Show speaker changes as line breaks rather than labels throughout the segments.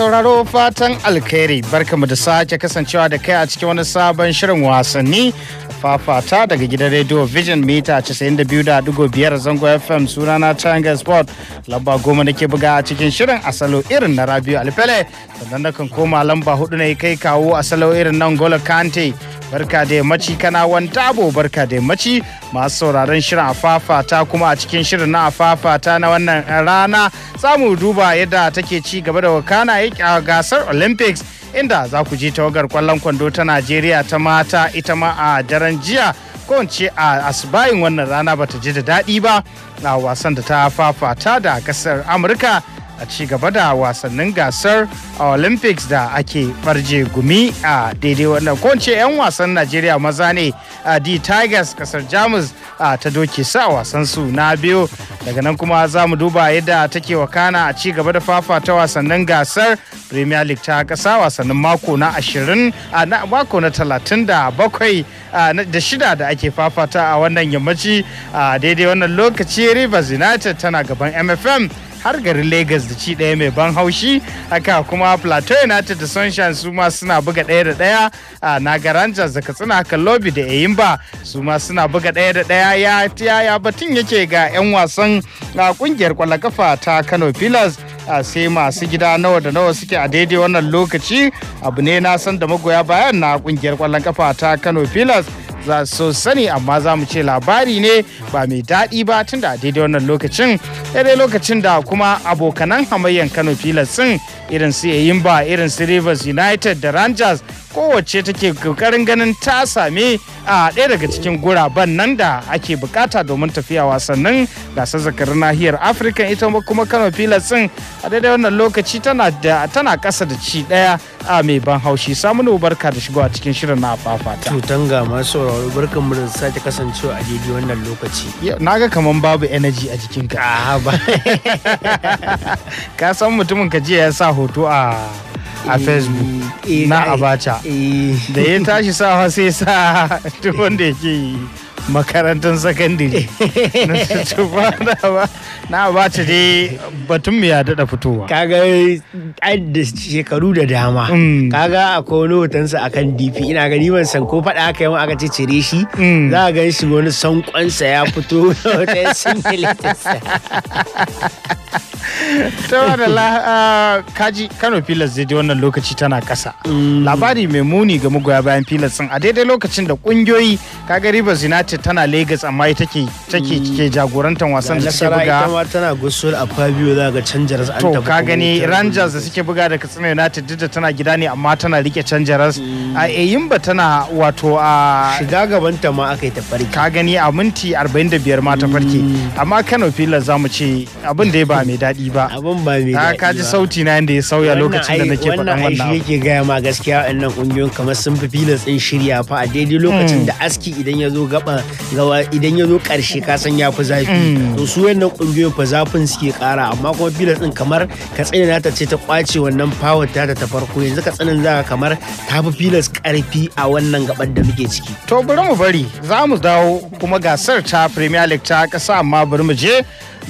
sauraro fatan alkhairi barkamu da sake kasancewa da kai a cikin wani sabon shirin wasanni fafata daga gidan rediyo Vision mita 92.5 zango FM sunana Triangle Sport lamba goma nake buga a cikin shirin asalo irin na Rabiu Alfele sannan nakan koma lamba hudu na kai kawo asalo irin nan Golo Kante barka da mace kana tabo barka da mace masu sauraron shirin afafata kuma a cikin shirin na fafata na wannan rana samu duba yadda take ci gaba da wakana a gasar Olympics inda za ku ji tawagar kwallon kwando ta najeriya ta mata ita ma a daren jiya ko ce a asibayin wannan rana bata ji da daɗi ba a wasan da ta fafata da kasar amurka a ci gaba da wasannin gasar a olympics da ake farje gumi a daidai wannan kwance 'yan wasan najeriya maza ne a d tigers kasar jamus ta doke sa wasan su na biyu daga nan kuma za mu duba yadda take wakana a ci gaba da ta wasannin gasar premier league ta kasa wasannin mako na 20 na mako na 37 da shida da ake fafata a wannan yammaci a daidai wannan lokaci rivers united tana gaban mfm har garin Legas da ci ɗaya mai ban haushi haka kuma Plateau United da Sunshine su ma suna buga ɗaya da ɗaya a Naga Rangers da Katsina Kalobi da Eyimba su ma suna buga ɗaya da ɗaya ya tiya batun yake ga 'yan wasan a kungiyar ƙwallon kafa ta Kano Pillars sai masu gida nawa da nawa suke a daidai wannan lokaci abu ne na san da magoya bayan na kungiyar ƙwallon kafa ta Kano Pillars za su sani amma za mu ce labari ne ba mai daɗi ba tun da daidai wannan lokacin daidai lokacin da kuma abokanan hamayyan kano filas sun irin su yayin ba irin su rivers united da rangers kowace take kokarin ganin ta same a ɗaya daga cikin guraben nan da ake bukata domin tafiya wasannin gasar zakarar nahiyar afirka ita kuma kano filas din a daidai wannan lokaci tana kasa da ci ɗaya a mai ban haushi samun barka da shigowa cikin shirin na fafata. tutan ga masu sauraro barkan mu da sake kasancewa a daidai wannan lokaci. na ga kaman babu energy a jikinka. ka san mutumin ka jiya ya sa hoto a a facebook eh, eh, na abacha eh. da ya tashi sawa sai sa duk wanda yake yi makarantar sakandare na tufa na abacha dai batun ya daɗa
fitowa kaga da shekaru da dama mm. kaga akwai wani hotonsa kan dp ina gani ban san ko faɗa aka yi aka ce cire shi mm. za a gan shi wani sankonsa ya
fito wata singulatinsa ta ah, kaji kano pilas zai wannan lokaci tana kasa mm. labari mai muni ga magoya bayan pilas a daidai lokacin da kungiyoyi kaga riba united tana lagos amma ita take mm. ke jagorantar wasan da suke buga ita ma tana gusul a fabio za ga canjaras an to ka gani rangers da suke buga da katsina united duk da tana gida ne amma tana rike canjaras mm. a eyimba eh, tana wato a ah, shiga gabanta ma aka yi farki ka gani a minti 45 ma ta farki amma kano pilas za mu ce abin da ya ba mai daɗi ba abin ba mai daɗi ka ji sauti na inda ya sauya lokacin da nake faɗan wannan wannan yake gaya ma gaskiya Wannan ƙungiyoyin kamar
sun fi filas tsin shirya fa a daidai hmm. lokacin da aski idan ya zo gaba gawa idan ya zo ƙarshe ka san ya fi zafi hmm. to su wannan ƙungiyoyin fa zafin suke ƙara amma kuma filin tsin kamar ka na ta ce ta ƙwace wannan power ta ta farko yanzu ka tsanan za kamar ta fi filin
ƙarfi a wannan gaban da muke ciki to bari mu bari za mu dawo kuma gasar ta premier league ta ƙasa amma bari mu je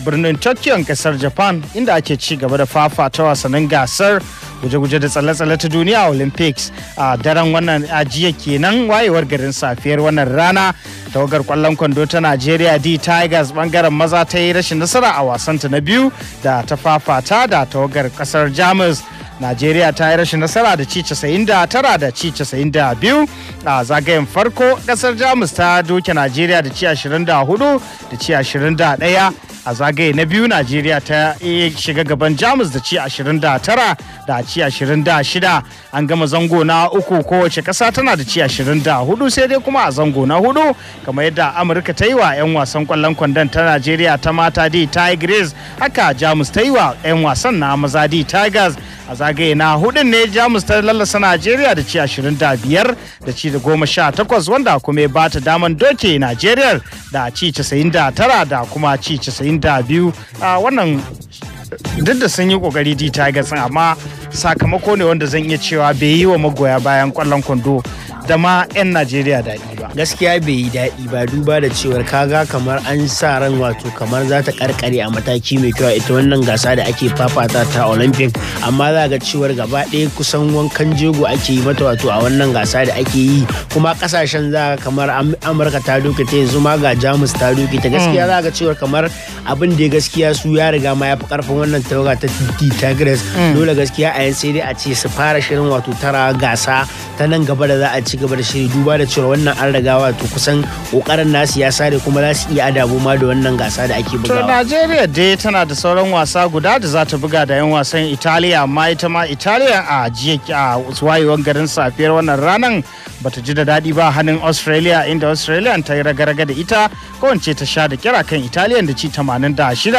birnin tokyo kasar japan inda ake ci gaba da fafata wasannin gasar guje-guje da tsalle-tsalle ta duniya a olympics a daren wannan ajiya kenan wayewar garin safiyar wannan rana tawagar kwallon kwando ta nigeria d tigers bangaren maza ta yi rashin nasara a wasanta na biyu da ta fafata da tawagar kasar jamus najeriya ta yi rashin nasara da ci 99 da ci 92 a zagayen farko kasar jamus ta doke najeriya da ci 24 da ci 21 a zagaye na biyu najeriya ta shiga gaban jamus da ci 29 da ci 26 an gama zango na uku kowace kasa tana da ci 24 sai dai kuma a zango na hudu kamar yadda amurka ta yi wa 'yan wasan kwallon kwandon ta najeriya ta mata di tigers haka jamus ta yi wa 'yan wasan na maza di tigers a zagaye na hudun ne jamus ta lallasa najeriya da ci 25 da ci da 18 wanda kuma ya ba ta daman doke najeriya da ci 99 da kuma ci 92 a wannan duk da sun yi kokari di sun amma sakamako ne wanda zan iya cewa bai yi wa magoya bayan kwallon kwando da ma 'yan najeriya daɗi gaskiya bai yi daɗi ba duba da cewar kaga kamar
an sa ran wato kamar za ta karkare a mataki mai kyau ita wannan gasa da ake fafata ta olympic amma za ga cewar gaba ɗaya kusan wankan jego ake yi mata wato a wannan gasa da ake yi kuma kasashen za kamar amurka ta doke ta yanzu ma ga jamus ta doke ta gaskiya za ga cewar kamar abin da gaskiya su ya riga ma ya fi karfin wannan tawaga ta tigres mm. dole gaskiya a yan sai dai a ce su fara shirin wato tara gasa ta nan gaba da za a ci gaba da shiri duba da cewar wannan an gawa to kusan kokarin nasu ya sare kuma za su iya adabu ma da wannan gasa da ake bugawa. To
Najeriya dai tana da sauran wasa guda da za ta buga da 'yan wasan Italiya amma ita ma Italiya a jiya a wayewar garin safiyar wannan ranar bata ji da daɗi ba hannun australia inda australia ta yi raga-raga da ita kowance ta sha da kira kan italian da ci 86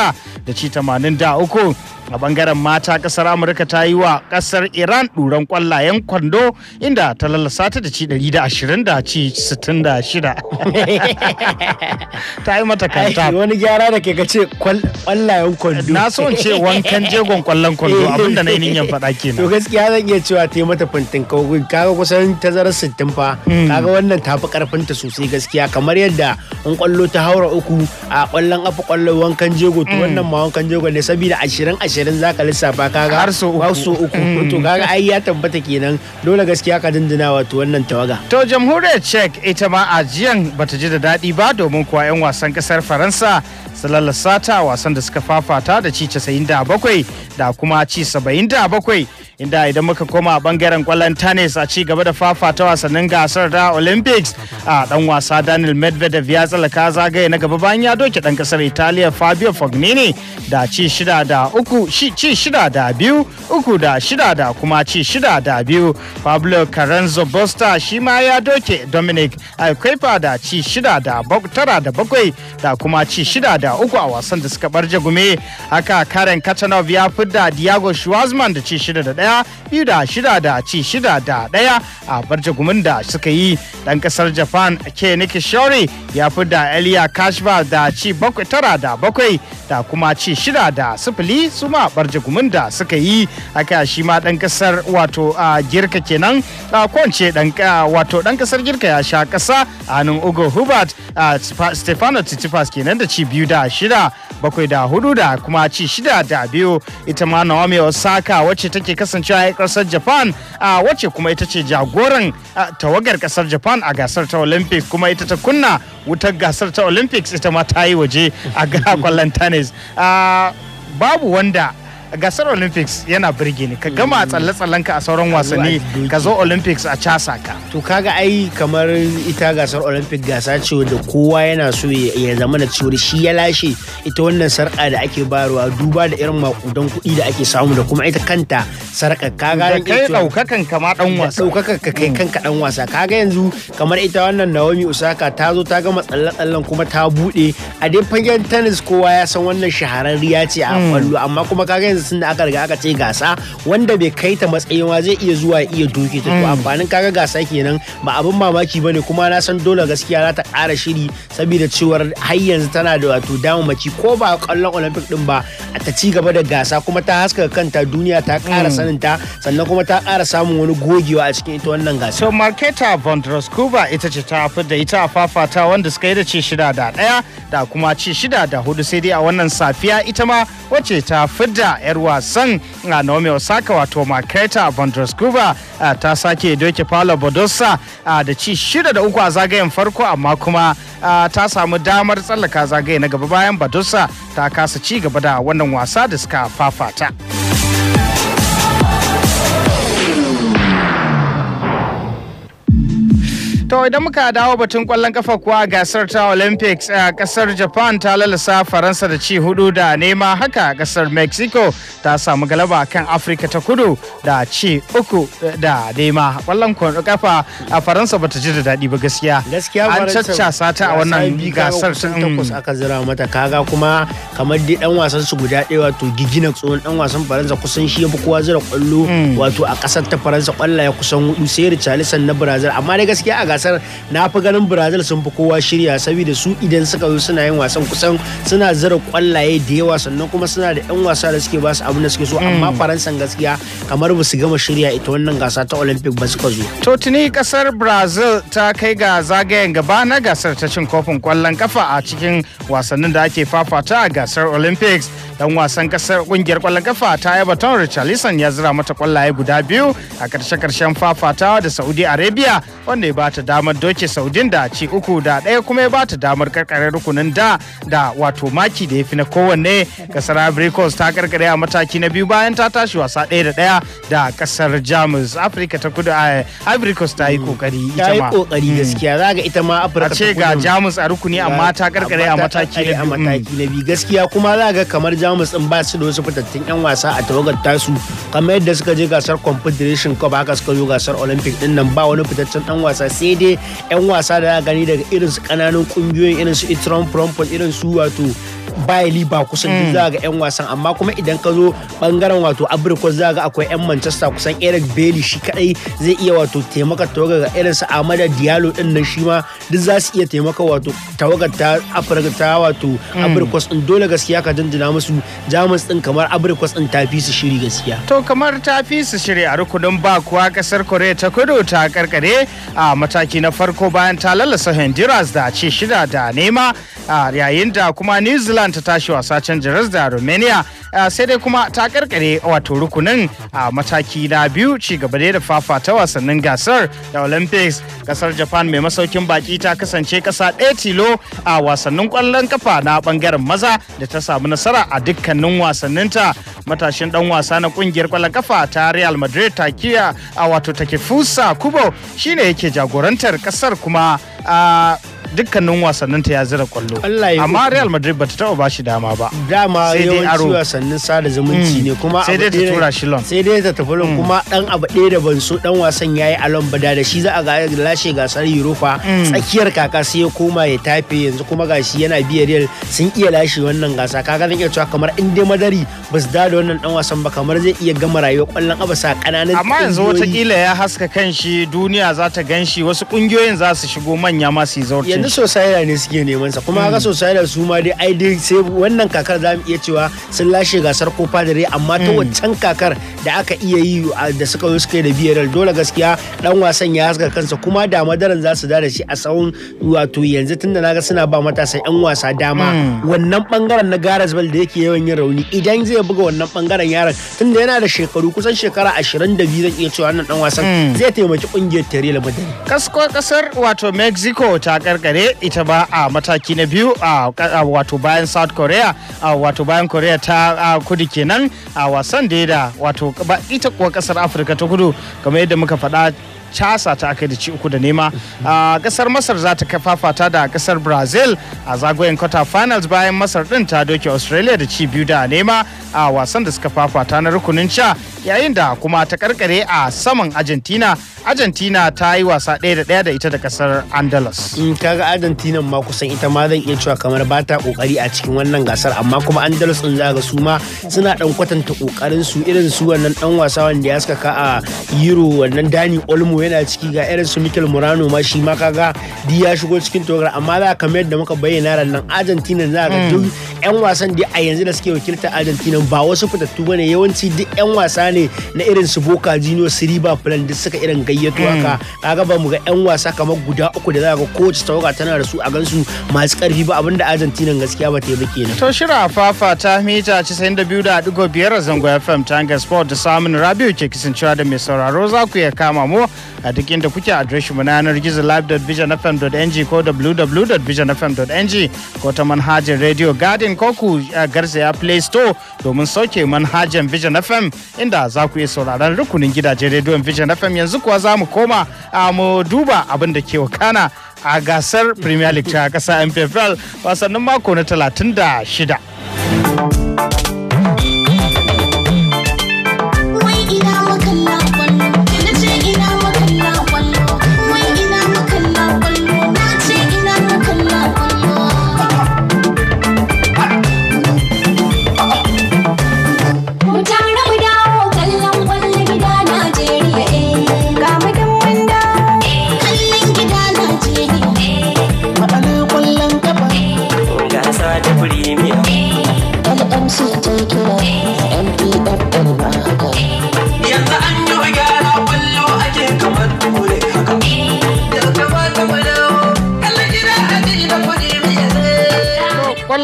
da ci 83 a bangaren mata kasar amurka ta yi wa kasar iran ɗuran kwallayen kwando inda ta lalasa ta da ci 120 da ci 66 ta yi mata kanta wani gyara da ke ce kwallayen kwando na so ce wankan jegon kwallon kwando abinda na yi ninyan faɗa kenan to
gaskiya zan iya cewa ta yi mata fintin kawo kaga kusan tazarar 60 fa kaga wannan tafi karfin ta sosai gaskiya kamar yadda in kwallo ta haura uku a kwallon afa kwallon wankan jego to mm. wannan ma wankan jego ne saboda ashirin ashirin zaka lissafa kaga har so uku so uku mm. to kaga ai ya tabbata kenan dole gaskiya ka dindina wato wannan
tawaga to jamhuriyar check ita ma a jiyan bata ji da daɗi ba domin kuwa 'yan wasan ƙasar faransa su lallasa wasan da suka fafata da ci 97 da kuma ci 77 inda idan muka koma bangaren kwallon tennis a ci gaba da fafata wasannin gasar ta olympics a dan wasa daniel medvedev ya tsallaka zagaye na gaba bayan ya doke dan kasar italiya fabio fognini da ci shida da uku ci shida da biyu uku da shida da kuma ci shida da biyu pablo carenzo bosta shi ma ya doke dominic aikwepa da ci shida da tara da bakwai da kuma ci shida da uku a wasan da suka barje gume haka karen katanov ya fidda diago schwarzman da ci shida da daya na biyu da shida da ci shida da ɗaya a gumin da suka yi ɗan ƙasar japan ke shori ya fi da eliya kashba da ci bakwai tara da bakwai da kuma ci shida da sifili su ma gumin da suka yi haka shi ma ɗan ƙasar wato a girka kenan a kwance dan wato ɗan ƙasar girka ya sha ƙasa a nan ugo hubert a stefano titifas kenan da ci biyu da shida bakwai da hudu da kuma ci shida da biyu ita ma naomi osaka wacce take kasance kasance a kasar japan wacce kuma ita ce jagoran tawagar kasar japan a gasar ta olympics kuma ita ta kunna wutar gasar ta olympics ita ma ta yi waje a kwallon tennis babu wanda gasar olympics yana birge ne ka gama a mm. tsalle-tsallen ka a sauran wasanni ka zo olympics a casa ka
to kaga ai kamar ita gasar olympic gasa ce wanda kowa yana so ya zama da cewa shi ya lashe ita wannan sarka da ake bayarwa duba da irin makudan kuɗi da ake samu da kuma ita kanta sarka kaga da kai daukakan
ka ma dan wasa
daukakan ka kai mm. kanka dan wasa kaga yanzu kamar ita wannan Naomi Osaka ta zo ta gama tsalle-tsallen kuma ta bude a dai fagen tennis kowa ya san wannan shahararriya ce a mm. kwallo amma kuma kaga yanzu sun da aka riga aka ce gasa wanda bai kai ta matsayin ma zai iya zuwa iya duke ta to mm. amfanin kaga gasa kenan ba abin mamaki bane kuma na san dole gaskiya za ta kara shiri saboda cewar har yanzu tana da wato damamaki ko ba kallon olympic din ba ta ci gaba da gasa kuma ta haska kanta duniya ta ƙara mm. saninta
sannan kuma ta kara samun wani gogewa a cikin ita wannan gasa. So Marketa Vondroskova ita ce ta fi da ita a fafata wanda suka yi da ci shida da ɗaya da kuma ci shida da hudu sai dai a wannan safiya ita ma wacce ta da 'yar wasan a Naomi Osaka wato Marketa Vondroskova ta sake doke Paolo Bodosa da ci shida da uku a zagayen farko amma kuma ta samu damar tsallaka zagaye na gaba bayan badusa ta kasa ci gaba da wannan wasa da suka fafata. To idan muka dawo batun kwallon kafa kuwa gasar ta Olympics a kasar Japan ta lalasa Faransa da ci hudu da nema haka kasar Mexico ta samu galaba kan Afrika ta kudu da ci uku eh, da nema. Kwallon kafa a Faransa bata ji da daɗi ba gaskiya. Gaskiya An caccasa ta a wannan gasar ta takwas aka
zira mata kaga kuma kamar dai dan wasan su guda ɗaya wato gigina tsohon dan wasan Faransa kusan shi yafi kowa zira kwallo mm. wato a kasar ta Faransa kwallaye kusan hudu sai Richarlison na Brazil amma dai gaskiya a kasar na fi ganin brazil sun fi kowa shirya saboda su idan suka zo suna yin wasan kusan suna zira kwallaye da yawa sannan kuma suna da yan wasa da suke ba su abin da suke so amma mm. faransan gaskiya kamar ba su gama shirya ita wannan gasa ta olympic ba suka zo
to tuni kasar brazil ta kai ga zagayen gaba na gasar ta cin kofin kwallon kafa a cikin wasannin da ake fafata a gasar olympics dan wasan kasar kungiyar kwallon kafa ta yaba ton richarlison ya zira mata kwallaye guda biyu a karshe-karshen fafatawa da saudi arabia wanda ya bata damar doke saudin da ci uku da ɗaya kuma ya bata damar karkare rukunin da da wato maki da ya fi na kowanne kasar ivory coast ta karkare a mataki na biyu bayan ta tashi wasa ɗaya da ɗaya da kasar jamus afirka ta kudu a eh, ivory coast ta yi kokari mm. ita ma kokari mm. gaskiya za ga ita ma afirka ta kudu ga jamus a rukuni amma ta karkare a mm. mataki na
biyu gaskiya kuma za ga kamar jamus din ba su da wasu fitattun yan wasa a tawagar tasu kamar yadda suka je gasar confederation cup haka suka zo gasar olympic din nan ba wani fitaccen dan wasa sai dai 'yan wasa da gani daga irin su ƙananan ƙungiyoyin irin su itron prompon irin su wato bayali ba kusan duk mm. za ga yan wasan amma kuma idan ka zo bangaren wato abrikos za ga akwai yan manchester kusan eric bailey shi kadai zai iya wato taimaka tawaga ga irin su amada diallo din nan shi ma duk za su iya taimaka wato tawaga ta afirka ta wato mm. abrikos din dole gaskiya ka jinjina musu jamus din kamar abrikos din ta fi su shiri gaskiya
to kamar ta fi su shiri a rukunin ba kuwa kasar korea ta kudu ta karkare a mataki na farko bayan ta lalasa honduras da ce shida da nema yayin da kuma new zealand Poland ta tashi wasa can da Romania eh, sai dai kuma ta karkare wato rukunin a eh, mataki na biyu ci gaba da fafa ta wasannin gasar da Olympics kasar Japan mai masaukin baki ta kasance kasa ɗaya tilo a wasannin kwallon kafa na bangaren maza da ta samu nasara a dukkanin wasannin ta matashin dan wasa na kungiyar kwallon kafa ta Real Madrid kiya a wato take fusa kubo shine yake jagorantar kasar kuma a eh, dukkanin wasannin ta ya zira kwallo amma Real Madrid bata taba ba shi dama ba dama yawanci wasannin sada zumunci hmm. ne kuma sai dai ta tura shi lon
sai dai ta tafi lon hmm. kuma dan abu ɗaya da ban so dan wasan yayi a lon bada da shi za a ga lashe gasar Europa hmm. tsakiyar kaka sai ya koma ya tafe yanzu kuma gashi yana biya Real sun iya lashe wannan gasa kaga zan iya cewa kamar in dai madari ba su da wannan dan wasan ba kamar zai iya gama rayuwar kwallon abu sa kananan amma yanzu watakila
ya haska kanshi duniya za ta ganshi wasu kungiyoyin za su shigo manya ma su yi zaurci yanzu sosai ne suke neman sa kuma ga sosai da su
ma dai ai dai sai wannan kakar za mu iya cewa sun lashe gasar kofa da rai amma ta hmm. wancan kakar da aka iya yi da suka yi suka yi da biyar dole gaskiya dan wasan ya haska kansa kuma da madaran za su da shi a tsawon wato yanzu tunda naga suna ba matasa yan wasa dama hmm. wannan bangaren na Gareth da yake yawan yin rauni idan zai buga wannan bangaren yaron tunda yana da shekaru kusan shekara 22 zan iya cewa wannan dan wasan hmm. zai taimaki kungiyar Terela Madrid
kasar wato Mexico ta karkare kare ita ba a mataki na biyu a wato bayan south korea wato bayan korea ta kudu kenan a wasan da ya da wato ita kuwa kasar afirka ta kudu kamar yadda muka faɗa casa ta aka da ci uku da nema a kasar masar za ta kafafata da kasar brazil a zagoyen quarter finals bayan masar din ta doke australia da ci biyu da nema a wasan da suka fafata na rukunin sha yayin da kuma ta karkare a saman argentina argentina ta yi wasa ɗaya da ɗaya da ita da kasar andalus mm, kaga argentina ma kusan ita ma zan iya cewa kamar ba ta
kokari a cikin wannan gasar amma kuma andalus din zaga su ma suna dan kwatanta kokarin su irin su wannan dan wasa wanda ya ka a euro wannan dani olmo yana ciki ga irin su Mikel Murano ma shi ma kaga di ya shigo cikin togar amma za kamar yadda muka bayyana ran nan Argentina za ga duk yan wasan da a yanzu da suke wakilta Argentina ba wasu fitattu bane yawanci duk yan wasa ne na irin su Boca Juniors River Plate duk suka irin gayyato haka mm. kaga ba mu ga yan wasa kamar guda uku da za ga kowace tawaga tana da su a gansu masu karfi ba abinda Argentina gaskiya ba ta yi ba kenan
to shira fafa ta mita 92.5 zango FM Tanga Sport da samun Rabiu ke kisancewa da mai sauraro za ku iya kama mu a duk inda kuke adireshin mu na yanar gizo live.visionfm.ng ko www.visionfm.ng ko ta manhajar radio garden ko ku eh, garzaya play store domin sauke manhajar vision fm inda za ku iya sauraron rukunin gidajen rediyon vision fm yanzu kuwa za mu koma a mu duba abin da ke wakana a gasar premier league ta kasa mpfl wasannin mako na 36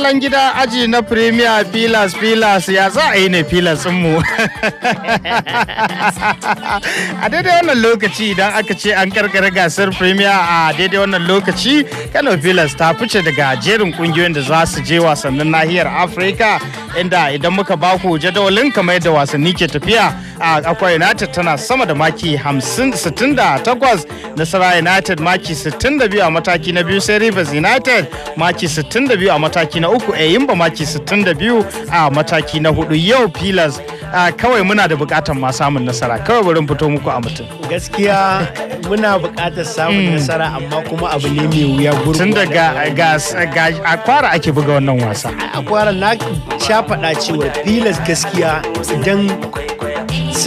kwallon gida aji na premier pilas pilas ya za a yi ne pilas mu a daidai wannan lokaci idan aka ce an karkara gasar premier a daidai wannan lokaci kano pilas ta fice daga jerin kungiyoyin da za su je wasannin nahiyar afirka inda idan muka baku jadawalin kamar yadda wasanni ke tafiya a Akwa United tana sama da maki 68 Nasara United maki 62 a mataki na biyu sai Rivers United maki 62 a mataki na uku Eyimba maki 62 a mataki na hudu yau Pillars kawai muna da bukatan ma samun nasara kawai bari fito muku a mutum. Gaskiya muna bukatar samun hmm. nasara amma kuma abu ne mai wuya gurgu. Tun daga a kwara ake buga
wannan wasa. A kwara na sha faɗa cewa Pillars gaskiya don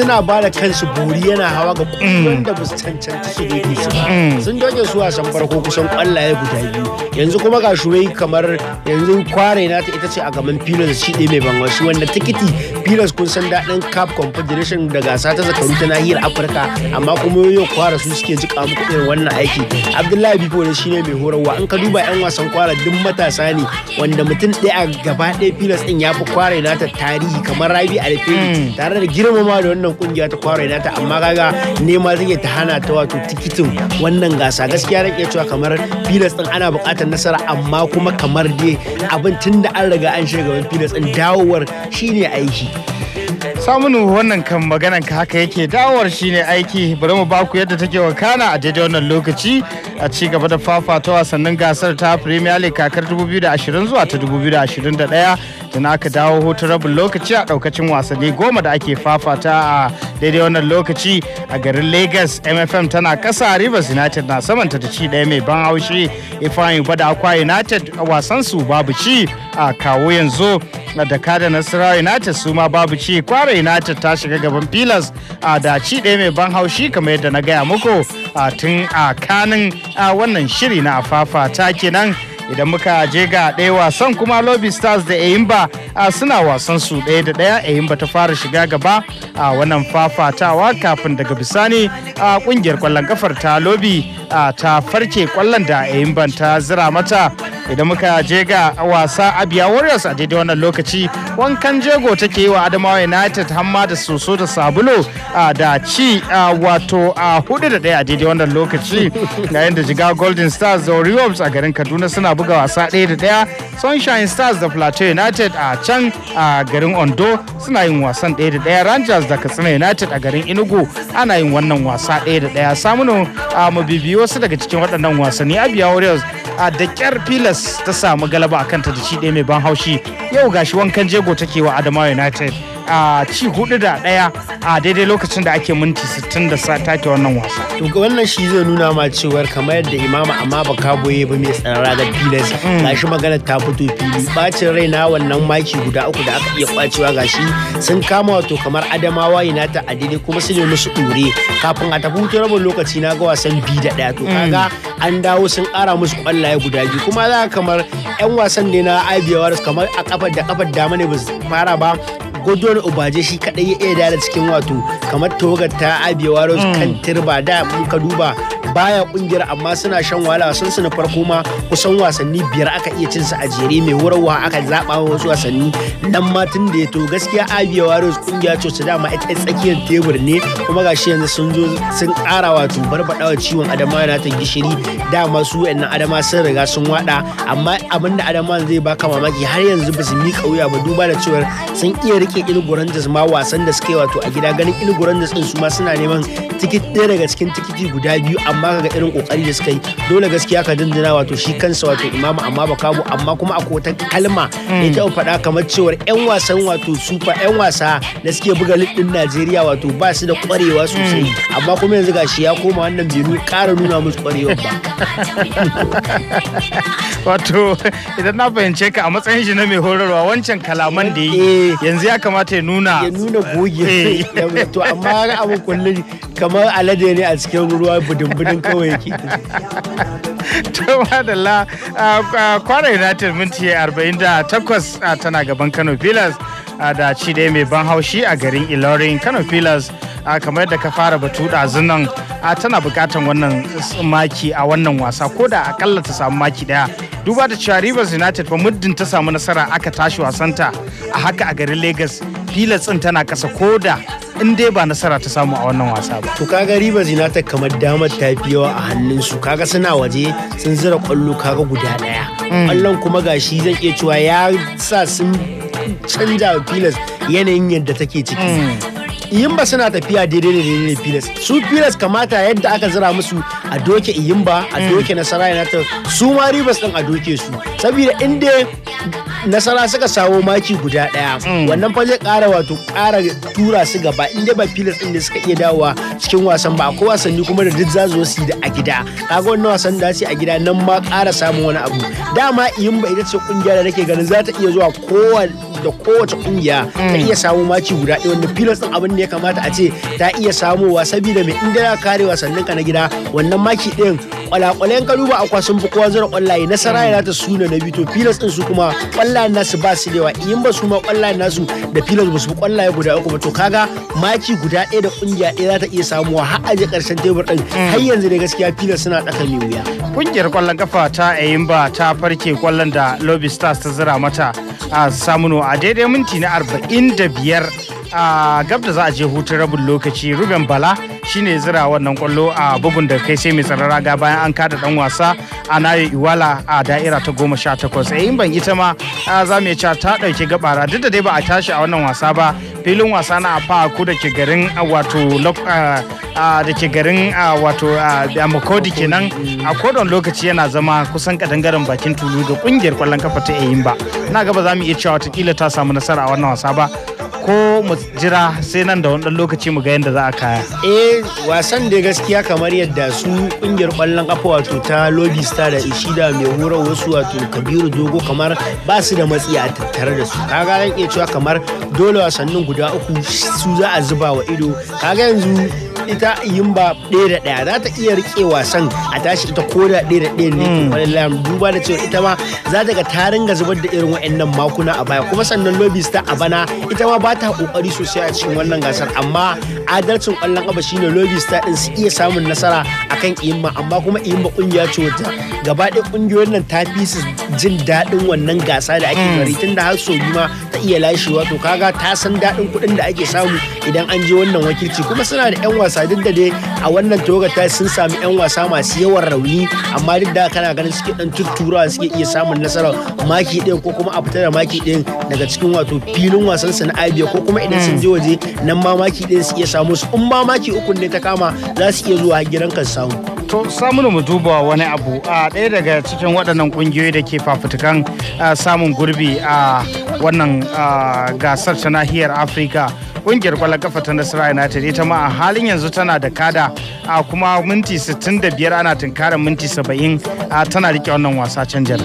suna ba da kansu bori yana hawa ga kungiyoyin mm. da ba su cancanta su daidai mm. su ba sun doke su wasan farko kusan kwallaye guda biyu yanzu kuma ga shuwai kamar yanzu kware na ta ita ce a gaban pilos shi ɗaya mai banwashi wanda tikiti pilos kun san daɗin cap confederation da gasa ta zakaru ta nahiyar afirka amma kuma yau kware su suke jika muku irin wannan aiki abdullahi bifo ne shine mai horarwa in ka duba yan wasan kwara duk matasa ne wanda mutum ɗaya a gaba ɗaya pilos ɗin ya fi kware na ta tarihi kamar rabi alferi mm. tare da girmama da wannan wannan kungiya ta kwaro ina ta amma kaga nema zai ta hana ta wato tikitin wannan gasa gaskiya ke cewa kamar Pilas din ana buƙatar nasara amma kuma kamar dai abin
tun da an riga an shiga gaban Pilas din dawowar shine aiki Samun wannan kan maganan ka haka yake dawowar shi ne aiki bari mu baku yadda take wakana a daidai wannan lokaci a ci gaba da fafata wasannin gasar ta premier league kakar 2020 zuwa ta 2021 tana aka dawo hutun rabin lokaci a daukacin wasanni goma da ake fafata a daidai wannan lokaci a garin lagos mfm tana kasa rivers united na samanta da ci daya mai ban haushi ifeanyi bada akwa united wasansu babu ci a kawo yanzu da kada nasarawa united su ma babu ci kwa fara united ta shiga gaban pilas a daci ɗaya mai ban haushi kamar yadda na gaya muku a tun a kanin wannan shiri na afafa ta kenan idan muka je ga ɗaya wasan kuma lobby stars da eyimba a suna wasan su ɗaya da ɗaya eyimba ta fara shiga gaba a wannan fafatawa kafin daga bisani a ƙungiyar kwallon kafar ta lobby ta farke kwallon da eyimban ta zira mata idan muka je ga wasa abia warriors a daidai wannan lokaci wankan jego take yi wa adamawa united hamma da soso da sabulo da ci wato a hudu da daya a daidai wannan lokaci yayin da jiga golden stars da orioles a garin kaduna suna buga wasa daya da daya sunshine stars da plateau united a can a garin ondo suna yin wasan daya da daya rangers da katsina united a garin inugu ana yin wannan wasa daya da daya samuno a mabibiyo wasu daga cikin waɗannan wasanni abia warriors a da kyar pilas ta samu galaba a kanta da ci ɗaya mai ban haushi yau gashi wankan jego take wa adama united A ci hudu da daya a daidai lokacin da ake minti 60 da sa take wannan wasa. wannan shi zai nuna ma cewar
kamar yadda imama amma ba ka boye ba mai tsarara da filas mm. gashi magana ta fito fili bacin rai na wannan maki guda uku da aka iya kwacewa gashi sun kama wato kamar adamawa ta a daidai kuma su ne musu ɗore kafin a tafi hutun rabin lokaci na ga wasan biyu da daya. to kaga mm. an dawo sun kara musu kwallaye guda biyu kuma za kamar 'yan wasan ne na aibiyawar kamar a kafar da kafar dama ne ba su fara ba godon obaje shi kadai ya iya dada cikin wato kamar tawagar ta abewa rose mm. kan tirba da mun ka duba baya kungiyar amma suna shan wahala sun su na farko ma kusan wasanni biyar aka iya cin su a jere mai wurarwa aka zaba wasu wasanni dan ma tun da ya to gaskiya abewa rose kungiya ce su dama ita tsakiyar tebur ne kuma gashi yanzu sun zo sun kara wato barbadawa ciwon adama na ta gishiri dama su wayannan adama sun riga sun wada amma abinda adama zai baka mamaki har yanzu ba su mika wuya ba duba da cewa sun iya rike ilgoran ma wasan da suka yi wato a gida ganin ilgoran gurandus da su ma suna neman tikit ɗaya daga cikin tikiti guda biyu amma kaga irin kokari da suka yi dole gaskiya ka dindina wato shi kansa wato imamu amma ba kabo amma kuma akwai wata kalma da hmm. ta faɗa kamar cewar yan wasan wato super yan wasa da suke buga liɗin Najeriya wato ba su da kwarewa sosai hmm. amma kuma yanzu gashi ya koma wannan benu ƙara nuna musu kwarewa
ba wato idan na fahimce ka a matsayin shi na mai horarwa wancan kalaman da yi eh. yanzu ya kamata ya nuna ya nuna goge eh. to amma ga abu kullum kamar alade ne a cikin ruwa budin-budin kawai yake to madalla kwarai united minti 48 tana gaban kano pillars da ci dai mai ban haushi a garin ilorin kano pillars kamar yadda ka fara batu ɗazun nan tana bukatan wannan maki a wannan wasa ko da akalla ta samu maki daya duba da cewa rivers united fa muddin ta samu nasara aka tashi wasanta a haka a garin lagos ɗin tana kasa ko da in dai ba nasara ta samu a wannan wasa ba.
To kaga riba zinata kamar damar ta fi yawa a hannunsu kaga suna waje sun zira kwallo kaga guda ɗaya. Kwallon mm. kuma gashi zan iya cewa ya sa sun canja wa filas yanayin yadda take ciki. Mm. Iyimba suna tafiya daidai da daidai da filas. Su filas kamata yadda aka zira musu a doke Iyimba, a mm. doke Nasara ta su ma ribas din a doke su. Saboda inda nasara suka sawo maki guda daya mm. wannan fa zai kara wato kara tura su gaba inda ba filas din da suka iya dawowa cikin wasan ba Ko wasanni kuma da duk za su da a gida kaga wannan wasan da su a gida nan ma kara samun wani abu dama iyin ba ita ce kungiya da nake ganin za ta iya zuwa kowa da kowace kungiya ta iya samu maki guda ɗaya wanda filas ɗin abin da ya kamata a ce ta iya samowa saboda mai inda kare wasannin ka na gida wannan maki ɗin kwalakwalen ka duba akwa sun fi kowa zura kwallaye nasara ya ta suna na biyu to filas din su kuma kwallayen nasu ba su da in ba su ma kwallayen nasu da filas ba su kwallaye guda uku ba to kaga maki guda ɗaya da kungiya ɗaya za ta iya samuwa har je ƙarshen tebur ɗin. har yanzu da gaskiya filas suna ɗaka mai wuya
kungiyar kwallon kafa ta Eyimba ta farke kwallon da Lobby Stars ta zira mata a samuno a daidai minti na 45 a gab da za a je hutun rabin lokaci ruben bala shine zira wannan kwallo a bugun da kai sai mai tsaron raga bayan an kada dan wasa a nayo iwala a da'ira ta goma sha takwas eh, in ban ita ma za mu iya ta ɗauki gabara duk da dai ba a tashi a wannan wasa ba filin wasa na afa ku da ke garin wato da ke garin wato makodi kenan a kodon lokaci yana zama kusan kadangaren bakin tulu da kungiyar kwallon kafa ta yin ba na gaba za mu iya cewa watakila ta samu nasara a wannan wasa ba ko mu jira sai nan da wani lokaci mu ga yadda za a kaya
eh wasan da gaskiya kamar yadda su kungiyar kwallon kafa wato ta lobby star da ishida mai hura wasu wato kabiru dogo kamar ba su da matsi a tattare da su kaga ran iya cewa kamar dole wasannin guda uku su za a zuba wa ido kaga yanzu ita yimba ɗaya da ɗaya za ta iya riƙe wasan a tashi ta koda ɗaya da ɗaya ne wani hmm. lam duba da cewa ita ma za ta ga tarin ga zubar da irin wa'annan makuna a baya kuma sannan lobis ta a bana ita ma ba ta ƙoƙari sosai a cikin wannan gasar amma adalcin ƙwallon ƙafa shine lobis ta ɗin su iya samun nasara a kan iyimma amma kuma iyimma ƙungiya ce wata gaba ɗaya ƙungiyoyin nan ta fi su jin daɗin wannan gasa da ake bari hmm. tun da har so ma iya lashewa to kaga ta san daɗin kuɗin da ake samu idan an je wannan wakilci kuma suna da 'yan wasa duk da dai a wannan ta sun sami 'yan wasa masu yawan rauni amma duk da kana ganin suke dan tutturawa suke iya samun nasara maki ɗin ko kuma a fita da maki ɗin daga cikin wato filin wasan su na Abia ko kuma idan sun je hmm. waje nan ma maki ɗin
su iya samu su in ma maki uku ne ta kama za su iya zuwa gidan kan samu. To samun mu duba wani abu a ɗaya daga cikin waɗannan ƙungiyoyi da ke fafutukan samun gurbi a wannan ah, gasar ta nahiyar afirka kungiyar kwallon kafa ta nasara united ita ma a halin yanzu tana da kada a kuma minti 65 ana tunkarar minti 70 a tana rike wannan wasa can to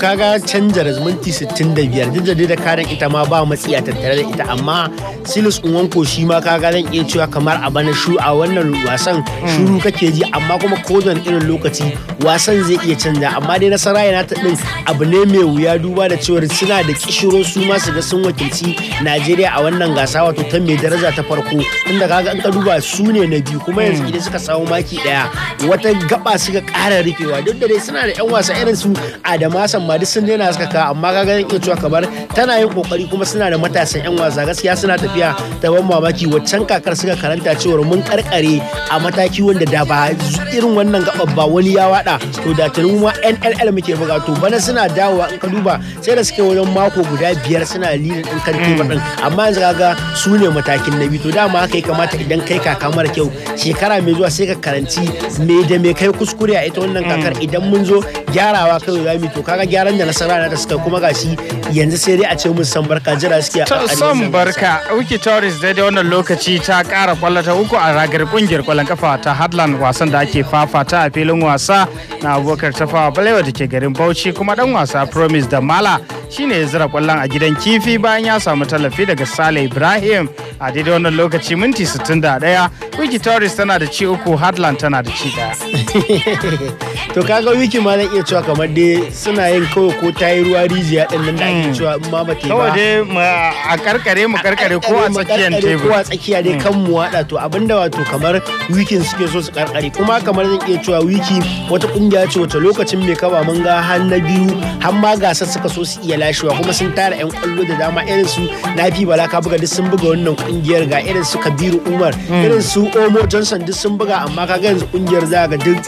kaga can jaras minti 65
duk da da ita ma ba matsi a tattare da ita amma silus unwanko shi ma kaga zan iya cewa kamar a bana shu a wannan wasan hmm. shuru kake ji amma kuma kodon irin lokaci wasan zai iya canja amma dai nasara united din abu ne mai wuya duba da cewa suna da kishiro su ma su ga sun wakilci najeriya a wannan gasa wato ta nan mai daraja ta farko inda kaga an ka duba su ne na biyu kuma yanzu hmm. idan suka samu maki daya wata gaba suka kara rufewa duk da dai suna da yan wasa irin su Adama Samma duk sun daina suka ka amma kaga zan iya cewa kamar tana yin kokari kuma suna da matasan yan wasa gaskiya suna tafiya ta ban mamaki waccan kakar suka karanta cewar mun karkare a mataki wanda da ba irin wannan gaba ba wani ya wada to da tunu ma NLL muke buga to bana suna dawowa in ka duba sai da suke wajen mako guda biyar suna lilin din karfi amma yanzu kaga su ne kawai matakin na biyu to dama haka ya kamata idan kai kaka mara kyau shekara mai zuwa sai ka karanci me da me kai kuskure a ita wannan kakar mm. idan mun zo gyarawa kawai zamu to kaga gyaran da nasara da suka kuma gashi yanzu sai dai a ce mun san barka jira suke a san barka
wiki tourist da wannan lokaci ta kara kwallata uku a ragar kungiyar kwallon kafa ta Hadland wasan da ake fafata a filin wasa na abokar tafawa balewa da ke garin Bauchi kuma dan wasa Promise da Mala shine ya zira kwallon a gidan kifi bayan ya samu tallafi daga Sale Ibrahim a daidai wannan lokaci minti 61 wiki torres tana da ci uku hardland tana da ci daya
to kaga wiki ma zan iya cewa kamar dai suna yin kawai ko ta yi ruwa rijiya din nan da ake hmm. cewa in ma
ba ta yi ba kawai dai a karkare mu karkare ko a tsakiyar tebur ko a tsakiya dai hmm. kan
mu wada to abinda wato kamar wikin suke so su karkare kuma kamar zan iya cewa wiki wata kungiya ce wata lokacin mai kaba mun ga har na biyu har ma gasar suka so su iya lashewa kuma sun tara yan kwallo da dama irin su nafi bala ka buga duk sun buga wannan wannan kungiyar ga irin su kabiru umar hmm. irin su omo johnson duk sun buga amma kaga yanzu kungiyar za ga duk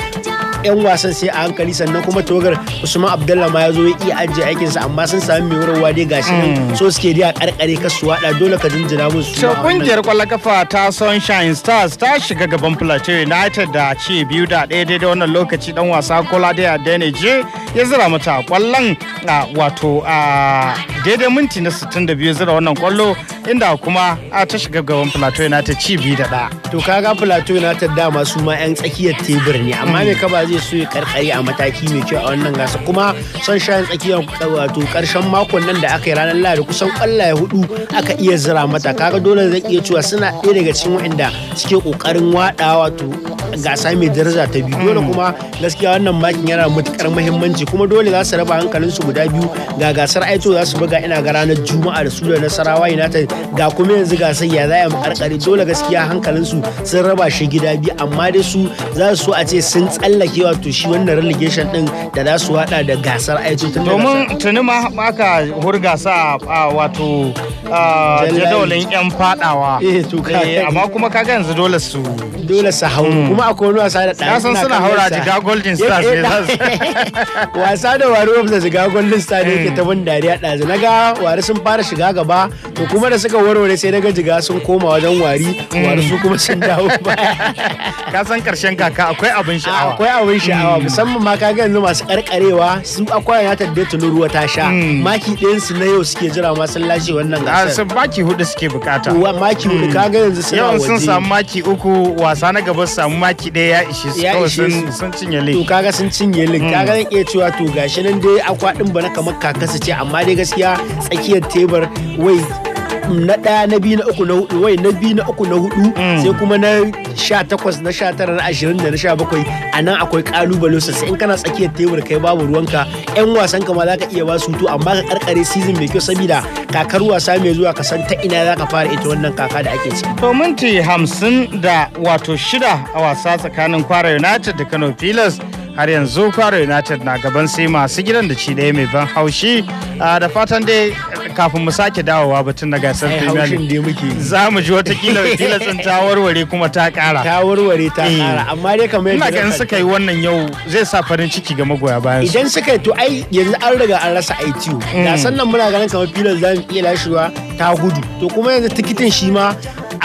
yan wasan sai a hankali sannan kuma tawagar usman abdullah ma ya zo ya iya ajiye aikinsa amma sun sami mai wararwa dai gashi nan hmm. so suke dai a karkare ka su wada dole ka jinjina musu so kungiyar
kwallon kafa ta sunshine stars ta shiga gaban plateau united da ce biyu da ɗaya daidai wannan lokaci dan wasa kola da adeneje ya zira mata kwallon wato a daidai minti na 62 ya zira wannan kwallo inda kuma a ta shiga gaban plateau united ci biyu da ɗaya.
to kaga plateau ta dama su ma 'yan tsakiyar tebur ne amma
me ba zai so ya
karkare a mataki mai kyau a wannan gasa kuma sunshine tsakiyar wato karshen makon nan da aka yi ranar lahadi kusan kwallaye hudu aka iya zira mata kaga dole zai iya cewa suna ɗaya daga cikin waɗanda suke kokarin waɗa wato gasa mai daraja ta biyu dole kuma gaskiya wannan makin yana matukar muhimmanci kuma dole za su raba hankalinsu guda biyu ga gasar aito za su buga ina ga ranar juma'a da su da nasarawa united ga kuma yanzu gasar ya zaya a dole gaskiya hankalinsu sun raba shi gida biyu amma dai su za su a ce sun tsallake wato shi wannan relegation din da za su hada da gasar aiki domin
tuni ma aka hurga sa wato Ah, jadawalin yan fadawa eh, eh, amma kuma kaga yanzu dole su dole su hau hmm. kuma akwai wani wasa da ɗaya san suna haura jiga golden stars ne eh,
wasa da wari da jiga golden stars ne ke ta bin dariya ɗazu na ga wari sun fara shiga gaba to kuma da suka warware sai daga jiga sun koma wajen wari hmm. wari su kuma sun dawo
ka san karshen kaka akwai abin ah, sha'awa akwai abin sha'awa hmm.
musamman ma kaga yanzu masu karkarewa su akwai ya tadde tunu ruwa ta sha maki ɗayan su na yau
suke jira ma sun lashe wannan gasa sun maki hudu suke bukata wa maki hudu hmm. kaga yanzu suna yawan sun samu maki uku wasa na gaba su samu maki ɗaya ya ishe su kawai sun cinye lig to kaga
sun cinye lig hmm. kaga zan iya cewa to gashi nan dai akwa ba bana kamar kakasa ce amma dai gaskiya tsakiyar tebur wai na ɗaya na biyu na uku na hudu wai na biyu na uku na hudu mm. sai kuma na sha takwas na sha tara na ashirin da na sha bakwai a nan akwai kalubale sosai in kana tsakiyar tebur kai babu ruwanka yan wasan kama za ka iya ba su to amma ka karkare season mai kyau
saboda kakar wasa mai zuwa ka san ta ina za ka fara ita wannan kaka da ake ci. to minti hamsin da wato shida a wasa tsakanin kwara united da kano pilas har yanzu kwara united na gaban sai masu gidan da ci ɗaya mai ban haushi ah, da fatan dai kafin mu sake dawowa batun na gasar Premier League za mu ji watakila kila tsin ta warware kuma ta kara ta warware ta kara eh. amma dai kamar yadda ina suka yi wannan yau zai sa farin ciki ga magoya bayan idan suka yi to ai yanzu an riga an rasa ITU mm. da
sannan muna ganin kamar filan za mu iya lashewa ta gudu to kuma yanzu tikitin shi ma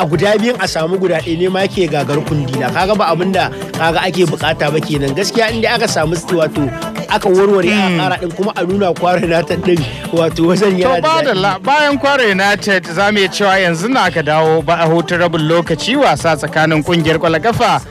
a guda biyun a samu guda ɗaya ne ma ke gagar kundi na kaga ba abinda kaga ake bukata ba kenan gaskiya inda aka samu wato aka warware a kara hmm. din kuma a nuna kwara united din wato wasan yana da to
bayan kwara united za mu iya cewa yanzu na ka dawo ba a hutun rabin lokaci wasa tsakanin kungiyar kwallon kafa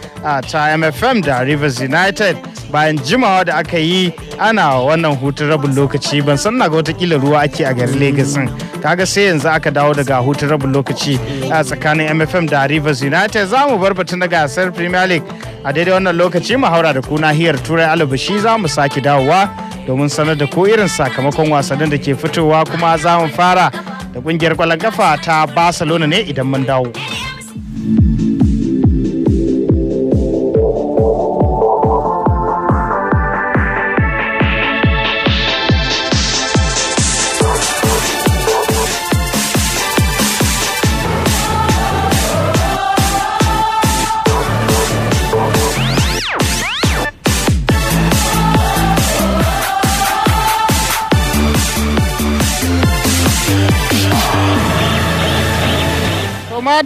ta mfm da rivers united bayan jimawa da aka yi ana wannan hutun rabin lokaci ban san na ga watakila ruwa ake a garin lagos kaga sai yanzu aka dawo daga hutun rabin lokaci a tsakanin mfm da rivers united za mu bar batun na gasar premier league a daidai wannan lokaci mu haura da kuna hiyar turai alabashi za mu sake dawowa domin sanar da ko irin sakamakon wasannin da ke fitowa kuma za mu fara da kungiyar kwallon kafa ta barcelona ne idan mun dawo.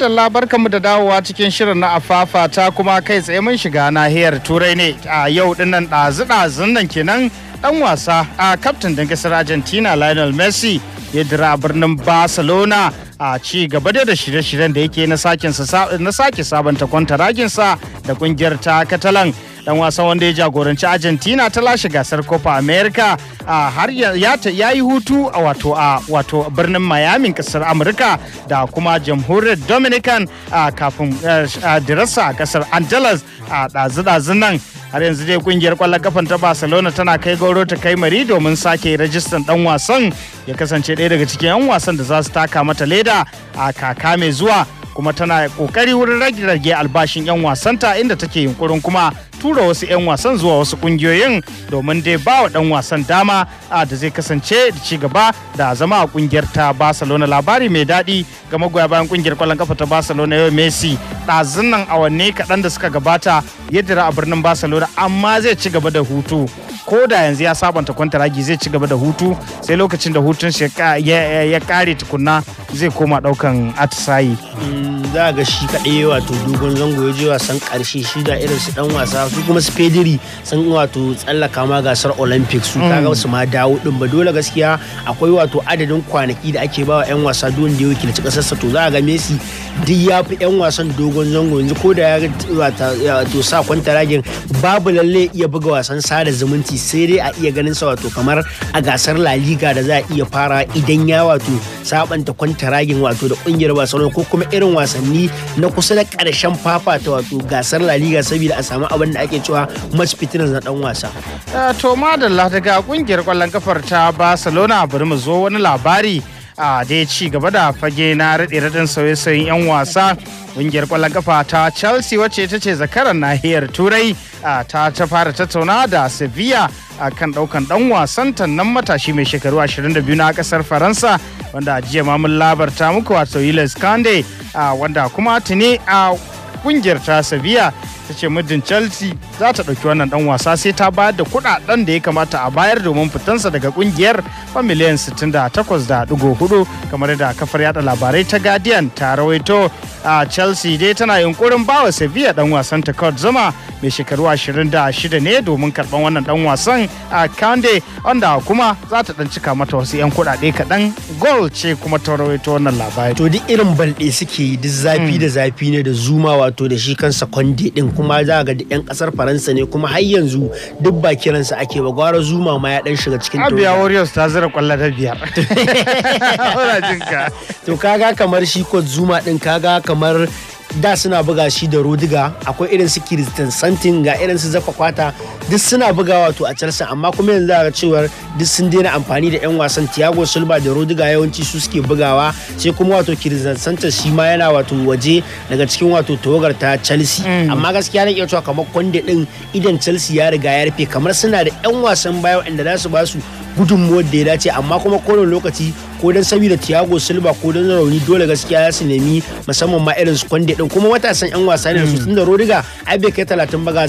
madalla barkanmu da dawowa cikin shirin na afafa ta kuma kai tsaye mun shiga nahiyar turai ne a yau dinnan ɗazu-ɗazun nan kenan dan wasa a kaftin dan kasar argentina lionel messi ya dira birnin barcelona a ci gaba da shirye-shiryen da yake na sake sabanta sa da kungiyar ta catalan dan wasan wanda ya jagoranci argentina ta lashe gasar copa america har ya yi hutu a wato a wato birnin miami kasar amurka da kuma jamhuriyar dominican a kafin dirasa kasar angeles a ɗazu-ɗazun nan har yanzu dai kungiyar kwallon kafan ta barcelona tana kai goro ta kai mari domin sake rajistan dan wasan ya kasance ɗaya daga cikin 'yan wasan da za su taka mata leda a kaka mai zuwa kuma tana kokari wurin rage-rage albashin 'yan wasanta inda take yunkurin kuma tura wasu 'yan wasan zuwa wasu kungiyoyin domin dai ba wa dan wasan dama da zai kasance da ci gaba da zama a kungiyar ta barcelona labari mai daɗi ga magoya bayan kungiyar kwallon kafa ta barcelona yau messi ɗazun nan awanni kaɗan da suka gabata ya a birnin barcelona amma zai ci gaba da hutu ko da yanzu ya sabanta kwantaragi zai ci gaba da hutu sai lokacin da hutun shi ya kare tukunna zai koma daukan atisayi
mm, za ga shi kaɗai wato dogon zango ya je wasan karshe shi da irin su dan wasa su kuma su fediri sun wato tsallaka ma gasar olympics su kaga mm. su ma dawo din ba dole gaskiya akwai wato adadin kwanaki da ake bawa yan wasa don da ya kasar kasarsa to za ga messi duk ya fi yan wasan dogon zango yanzu ko da ya wato sa kwantaragin babu lalle ya buga wasan sada zumunci sai dai a iya ganin sa wato kamar a gasar La Liga da za a iya fara idan ya wato sabanta kwantaragin wato da kungiyar Barcelona ko kuma irin wasanni na kusa da karshen fafata wato gasar La Liga saboda a samu abin da ake cewa match fitness na dan wasa.
Eh, to madalla daga kungiyar kwallon kafar ta Barcelona bari mu zo wani labari a dai ci gaba da fage na raɗe raden sauye-sauyen 'yan wasa ƙungiyar ƙwallon kafa ta chelsea wacce ta ce zakaran nahiyar turai ta ta fara tattauna da sevilla a kan ɗaukan ɗan wasan nan matashi mai shekaru 22 na ƙasar faransa wanda jiya ma mun labarta muku wato Yules Kande wanda kuma tuni a ƙungiyar ta sevilla ta ce muddin chelsea za ta ɗauki wannan ɗan wasa sai ta bayar da kuɗaɗen da ya kamata a bayar domin fitansa daga ƙungiyar ba miliyan 68.4 kamar da kafar yada labarai ta guardian ta rawaito a chelsea dai tana yunkurin bawa sevilla dan wasan ta kurt zuma mai shekaru 26 ne domin karɓan wannan dan wasan a kande wanda kuma za ta ɗan cika mata wasu 'yan kuɗaɗe kaɗan gol ce kuma ta rawaito wannan labari to duk irin balɗe suke yi duk zafi da zafi ne da zuma
wato da shi kansa kwande ɗin kuma za ga da yan kasar faransa ne kuma har yanzu duk ba kiransa ake ba gwara zuma ma ya dan shiga cikin tawaga abiya warriors ta zira kwallo ta biyar to kaga kamar shi ko zuma din kaga kamar da suna buga shi da rodiga akwai irin su kiristan santin ga irin su zafa kwata duk suna buga wato a chelsea amma kuma yanzu a cewar duk sun daina amfani da yan wasan tiago silva da rodiga yawanci su suke bugawa sai kuma wato kiristan santin shi ma yana wato waje daga cikin wato tawagar ta chelsea mm. amma gaskiya na iya cewa kamar kwande din idan chelsea ya riga ya rufe kamar suna da yan wasan baya inda za su ba su gudunmuwar da ya dace amma kuma kowane lokaci ko dan saboda Thiago Silva ko dan rauni dole gaskiya ya su nemi musamman ma irin su din kuma matasan yan wasa ne su mm. tunda Rodriga ai bai kai 30 ba ga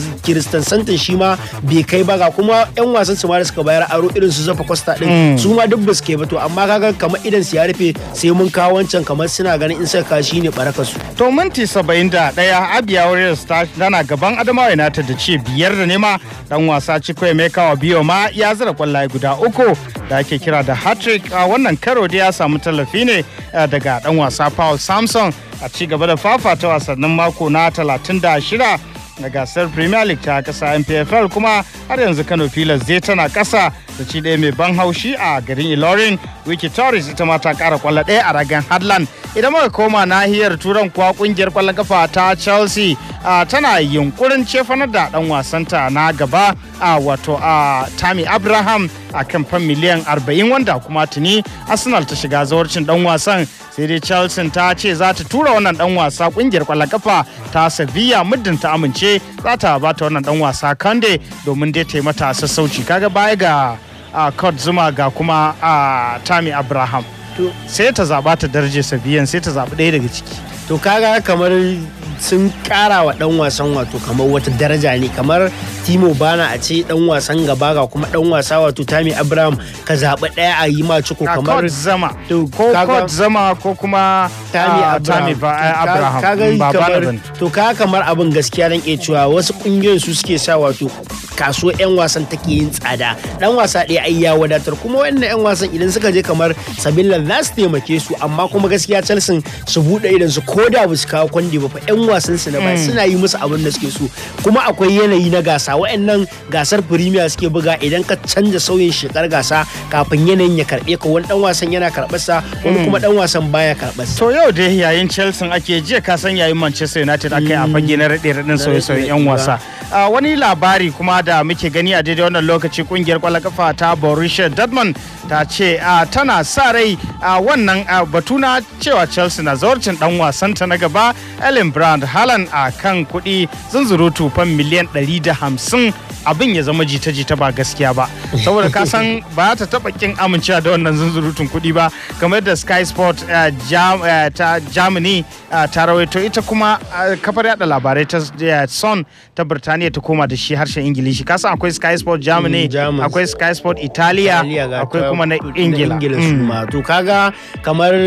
Santin shi ma bai kai ba kuma yan wasan su ma da suka bayar aro irin su Zafa Costa din mm. su ma duk ba su kai ba to amma kaga kamar idan
su ya rufe sai mun kawo wancan kamar suna ganin in saka shi ne baraka su to minti 71 Abia Warriors tana gaban Adamawa United da ce biyar da nema dan wasa Chikwe Mekawa Biyo ma ya zira kwallaye guda uku da ake kira da hat-trick a wannan karo yaro dai ya samu tallafi ne eh, daga dan wasa Paul Samson a ci gaba da fafata wasannin mako na 36 na gasar Premier League ta kasa NPFL kuma har yanzu Kano Pilas zai tana kasa da ɗaya mai ban haushi a garin ilorin wiki torres ita mata ta kara kwallo ɗaya a ragan hadland idan muka koma nahiyar turan kuwa kungiyar kwallon kafa ta chelsea tana yunkurin cefanar da dan wasanta na gaba a wato a tammy abraham a kan fan miliyan 40 wanda kuma tuni arsenal ta shiga zawarcin dan wasan sai dai chelsea ta ce za ta tura wannan dan wasa kungiyar kwallon kafa ta sevilla muddin ta amince za ta bata wannan dan wasa kande domin dai ta yi mata sassauci kaga baya ga a kurt zuma ga kuma a tami abraham sai ta zaba ta darje sabiyan sai ta zaɓi ɗaya daga ciki to kaga kamar
sun kara wa dan wasan wato kamar wata daraja ne kamar timo bana a ce dan wasan gaba ga kuma dan wasa wato tami abraham ka zaɓi ɗaya a yi ma ciko kamar zama ko
zama ko kuma
tami ah, abraham eh, to ka kamar abin gaskiya dan ke cewa wasu kungiyoyin su suke sa wato kaso yan wasan take yin tsada dan wasa ɗaya ai ya wadatar kuma wannan yan wasan idan suka je kamar sabilla za su taimake su amma kuma gaskiya chelsea su buɗe idan su koda ba su kawo kwandi ba fa yan wasan su na baya mm. suna yi musu abin da suke so kuma akwai yanayi na gasa wa'annan gasar premier suke buga idan ka canza sauyin shekar gasa kafin yanayin ya karbe ka wani dan wasan yana karɓar sa
wani mm. kuma dan wasan baya karɓar sa to yau dai yayin Chelsea ake jiya ka san yayin Manchester United akai a fage na rade mm. radin sauye-sauyen yan wasa wani labari kuma da muke gani a daidai wannan lokaci kungiyar kwallon kafa ta Borussia Dortmund ta ce tana sa rai a wannan batu na cewa Chelsea na zawarcin dan wasanta na gaba Ellen Brown Erland Haaland a kan kuɗi zunzurutu fan miliyan 150 abin ya zama jita-jita ba gaskiya ba saboda ka san ba ta taba kin amincewa da wannan zunzurutun kuɗi ba kamar da sky sport eh, eh, ta germany eh, ta rawaito ita kuma kafar yada labarai ta son ta birtaniya ta koma da shi harshen ingilishi ka san akwai sky sport germany mm, akwai sky sport italia akwai kuma na ingila mm. to kaga
kamar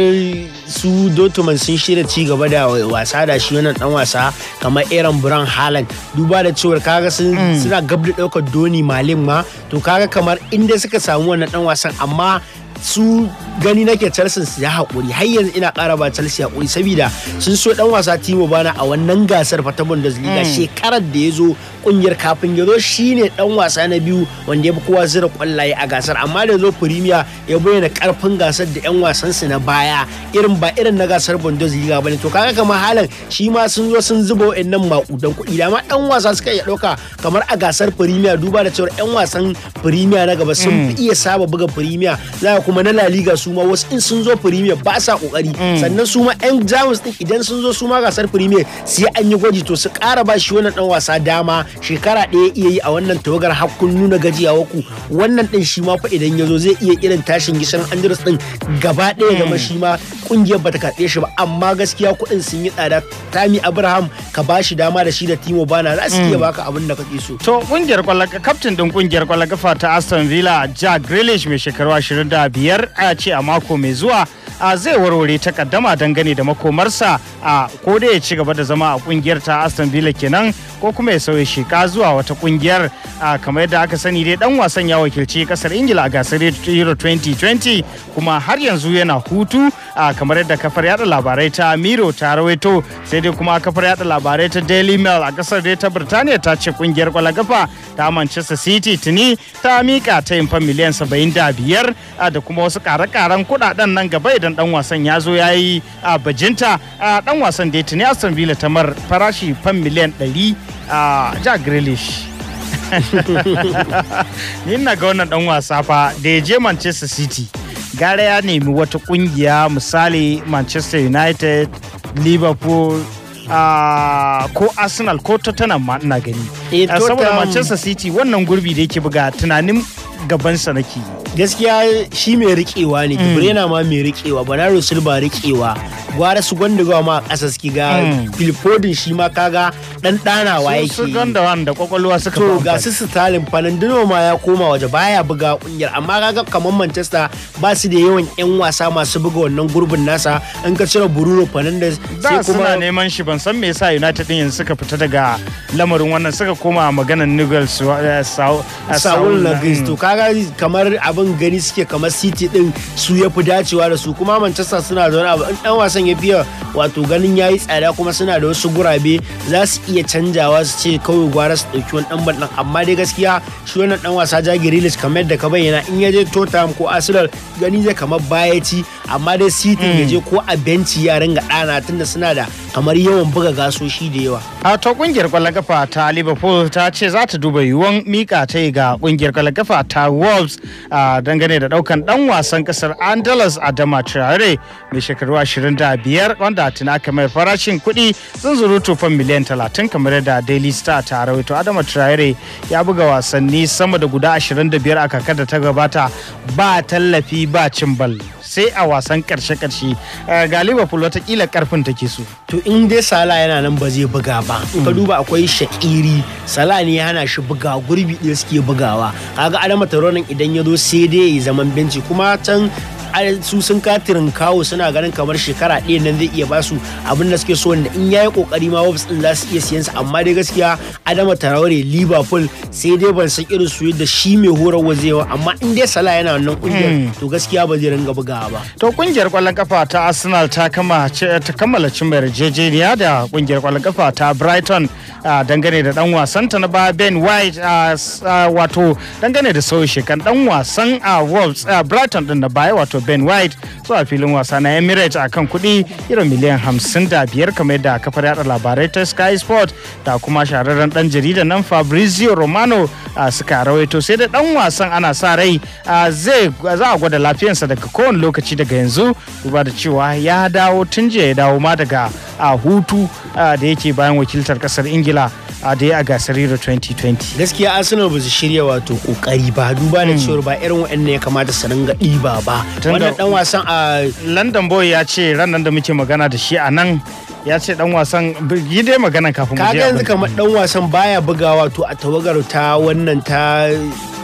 su dotuman sun shirya ci gaba da wasa da shi wannan dan wasa kamar irin brown haaland duba da cewar kaga mm. suna gaba duk da ɗaukar doni malin ma to kaga kamar inda suka samu wannan dan wasan amma su gani nake Chelsea su ya haƙuri har yanzu ina ƙara ba Chelsea haƙuri saboda sun so dan wasa Timo Bana a wannan gasar fata Bundesliga hmm. shekarar da ya zo kungiyar kafin ya zo shine dan wasa na biyu wanda ya fi kowa zira kwallaye a gasar amma da zo Premier ya bayyana karfin gasar da yan wasan wasansu na baya irin ba irin na gasar liga bane to kaga kamar halan shi ma sun zo sun zuba wa'annan makudan kuɗi da ma dan wasa suka iya dauka kamar a gasar Premier duba da cewa yan wasan Premier na gaba sun fi hmm. iya saba buga Premier za kuma na La Liga su ma wasu in sun zo Premier ba sa kokari hmm. sannan su ma yan Jamus din idan sun zo su ma gasar Premier sai an yi gwaji to su ƙara ba shi wannan dan wasa dama shekara ɗaya iya yi a wannan tawagar hakkun nuna gajiyawa ku wannan ɗin shi ma fa idan ya zo zai iya irin tashin gishan Andres ɗin gaba ɗaya gama hmm. shi ma ƙungiyar bata karɓe shi ba amma gaskiya kuɗin sun yi tsada Tami Abraham ka ba shi dama da shi da Timo Bana za su iya hmm. baka abin da kake so.
To kungiyar kwallon kaftin ɗin ƙungiyar kwallon kafa ta Aston Villa Jack Grealish mai shekaru biyar, a ce a mako mai zuwa a zai warware takaddama dangane da makomarsa a ko da ya ci gaba da zama a kungiyar ta Aston Villa kenan ko kuma ya sauya sheka zuwa wata kungiyar a kamar yadda aka sani dai dan wasan ya wakilci kasar Ingila a gasar Euro 2020 kuma har yanzu yana hutu a kamar yadda kafar yada labarai ta miro ta rawaito sai dai kuma kafar yada labarai ta daily mail a kasar dai ta birtaniya ta ce kungiyar kwalagafa ta manchester city tuni ta mika ta yin miliyan 75 da kuma wasu kare-karen kudaden nan gaba idan dan wasan ya zo ya yi a bajinta dan wasan dai tuni aston villa ta mar farashi fan miliyan 100 a jack grealish ni na ga wannan dan wasa fa da ya je manchester city gara ya nemi wata kungiya misali manchester united liverpool Uh, ko arsenal ko tottenham ma ina gani eh, saboda manchester city wannan gurbi da yake buga tunanin gabansa nake yi gaskiya shi mai riƙewa ne Gabriel mm. yana ma mai
riƙewa banaro Silva riƙewa gwara su gwandawa ma a ƙasa suke ga Phil mm. shi ma kaga dan danawa yake su da kwakwalwa suka to ga su Sterling Fernandinho ma ya koma waje baya buga kungiyar amma kaga kamar Manchester ba su da yawan yan wasa masu buga wannan gurbin nasa in ka cire Bruno Fernandes sai kuma suna
neman shi ban san me yasa United din yanzu suka fita daga lamarin wannan suka koma maganar Nigel eh, eh, Saul Saul mm. kaga kamar abin abin gani suke kamar city din su ya fi dacewa da su
kuma manchester suna da wani abu in dan wasan ya fiya wato ganin ya yi tsada kuma suna da wasu gurabe za su iya canjawa su ce kawai gwara su ɗauki wani ɗan balɗan amma dai gaskiya shi wannan dan wasa ja rilis kamar yadda ka bayyana in ya je tottenham ko arsenal gani zai kamar baya amma dai city ya hmm. je ko a benci ya ringa ɗana tunda suna da kamar yawan buga gasoshi da
yawa. A to kungiyar kwallon ta Liverpool ta ce za ta duba yiwuwan mika ta ga kungiyar kwallon ta Wolves a dangane da daukan dan wasan kasar Andalus Adama Traore mai shekaru 25 wanda tuna kamar farashin kuɗi zuru tufan miliyan 30 kamar da Daily Star ta rawaito Adama Traore ya buga wasanni sama da guda 25 a kakar da ta gabata ba tallafi ba cin bal. sai a wasan karshe-karshe eh, ga liverpool watakila karfin take su. to in dai sala yana nan ba zai
buga ba ka mm. duba akwai sha'iri sala ne yana shi buga gurbi ɗaya suke bugawa kaga adama taronin idan ya zo sai dai zaman benci kuma can su sun katirin kawo suna ganin kamar shekara ɗaya nan zai iya basu abin da suke so wanda in ya yi kokari ma Wolves din za su iya siyansa amma dai gaskiya Adama taraure Liverpool sai dai ban san irin su yadda shi
mai horar zai yawa amma in dai sala yana wannan kungiyar hmm.
to gaskiya ba zai ringa bugawa ba
to kungiyar kwallon kafa ta Arsenal ta kama ta kammala cin yarjejeniya da kungiyar kwallon kafa ta Brighton dangane da dan wasan ta na ba Ben White wato dangane da sauyi shekan dan wasan a Wolves Brighton din na baya wato ben white zuwa filin wasa na emirates a kan kuɗi irin miliyan biyar kamar da kafar yada labarai ta sky sport da kuma shahararren ɗan jarida nan fabrizio romano ah, suka rawaito sai da ɗan wasan ana sa rai ah, zai za a gwada lafiyarsa daga kowane lokaci daga yanzu duba da cewa ya dawo tun jiya ya dawo ma daga ah, hutu da yake bayan wakiltar ƙasar ingila a dai a gasar Euro 2020. Gaskiya Arsenal ba su shirya wato kokari ba duba da hmm. cewar ba irin waɗanda ya kamata su ringa ɗiba ba. Wannan dan wasan a London boy ya ce ran nan da muke magana da shi a nan ya ce dan wasan yi dai magana kafin mu je. Kaga yanzu kamar
dan wasan baya bugawa to a tawagar ta wannan ta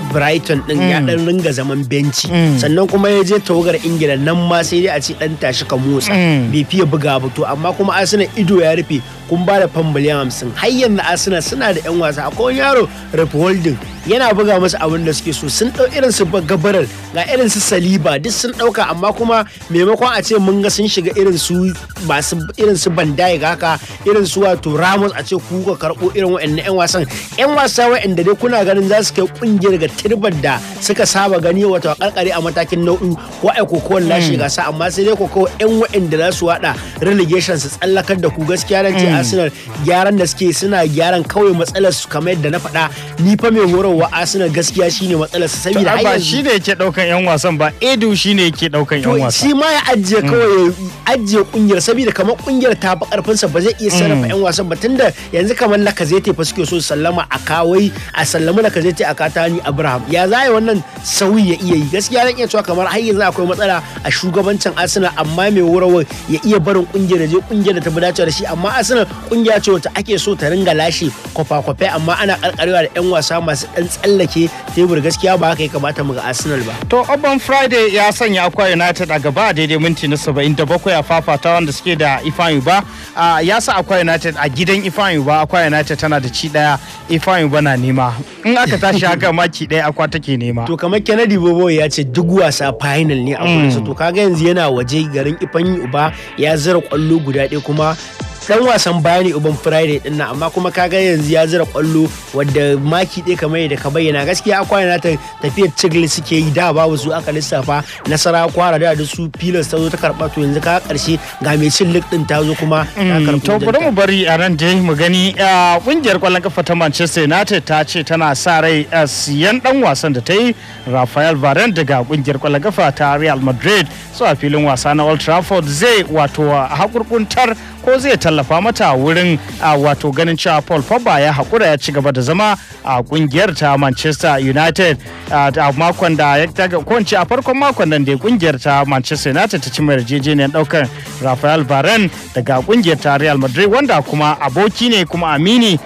brighton din ya mm. dan ringa zaman benci mm. sannan kuma ya je tawagar ingila nan ma sai dai a ce dan tashi ka motsa mm. bai fiye buga ba to amma kuma arsenal ido ya rufe kun ba da fan miliyan hamsin har yanzu arsenal suna da yan wasa akwai yaro rep holding yana buga musu abin da suke so sun ɗau irin su gabarar ga irin su saliba duk sun ɗauka amma kuma maimakon a ce mun ga sun shiga irin su masu irin su bandai ga haka irin su wato ramos a ce ku ka karɓo irin wa'annan 'yan wasan 'yan wasa wa'anda dai kuna ganin za su kai kungiyar ga turbar da suka saba gani wato a karkare a matakin nau'in ko ai kokowar hmm. lashe gasa amma sai dai koko 'yan waanda za su wada relegation su tsallakar da ku gaskiya nan ce hmm. arsenal gyaran da suke suna gyaran kawai matsalar su kamar yadda na faɗa ni fa mai horo wa Arsenal gaskiya
shine matsalarsa saboda har ba ne yake daukan yan wasan ba Edu shine yake daukan yan wasan shi ma ya
ajiye mm. kawai ajiye kungiyar saboda kamar kungiyar ta ba karfin sa ba zai iya sarrafa yan mm. wasan ba tunda yanzu kamar Lacazette fa suke so sallama a kawai a sallama Lacazette a Katani Abraham ya zai wannan sauyi ya iya yi gaskiya zan iya cewa kamar har yanzu akwai matsala a shugabancin Arsenal amma mai wurawar ya iya barin kungiyar da je kungiyar da ta bada cewa da shi amma Arsenal kungiya ce wacce ake so ta ringa lashe kwafa-kwafe amma ana karkarewa da yan wasa masu an tsallake tebur gaskiya ba haka ya kamata mu ga Arsenal ba.
To Obon Friday ya sanya Akwa United a gaba daidai minti na saba'in da bakwai a fafata wanda suke da Ifan Yuba. ya sa Akwa United a gidan Ifan Yuba Akwa United tana da ci daya Ifan Yuba na nema. In aka tashi haka maki daya Akwa take nema. To kamar Kennedy Bobo ya ce duk wasa final ne a su hmm. to kaga yanzu yana waje
garin Ifan Yuba ya zira kwallo guda ɗaya kuma dan wasan baya ne uban friday din nan amma kuma kaga yanzu ya zira kwallo wadda maki ɗaya kamar da ka bayyana gaskiya akwai na ta tafiyar cigli suke yi da babu su aka lissafa nasara kwara da da su pilas ta zo ta karɓa to yanzu ka karshe ga mai cin lik din ta zo kuma ta mm, karɓa
to mu bari a nan dai mu gani kungiyar kwallon kafa ta manchester united ta ce tana sa rai siyan dan wasan da ta yi rafael varane daga kungiyar kwallon kafa ta real madrid a filin wasa na old trafford zai wato hakurkuntar ko zai tallafa mata wurin a wato ganin cewa Paul fabba ya haƙura ya ci gaba da zama a kungiyar ta Manchester United a makon da ya kowace a farkon makon nan da kungiyar ta Manchester United ta ci mai yarjejeniyar daukar Rafael Varane daga kungiyar ta Real Madrid wanda kuma aboki ne kuma amini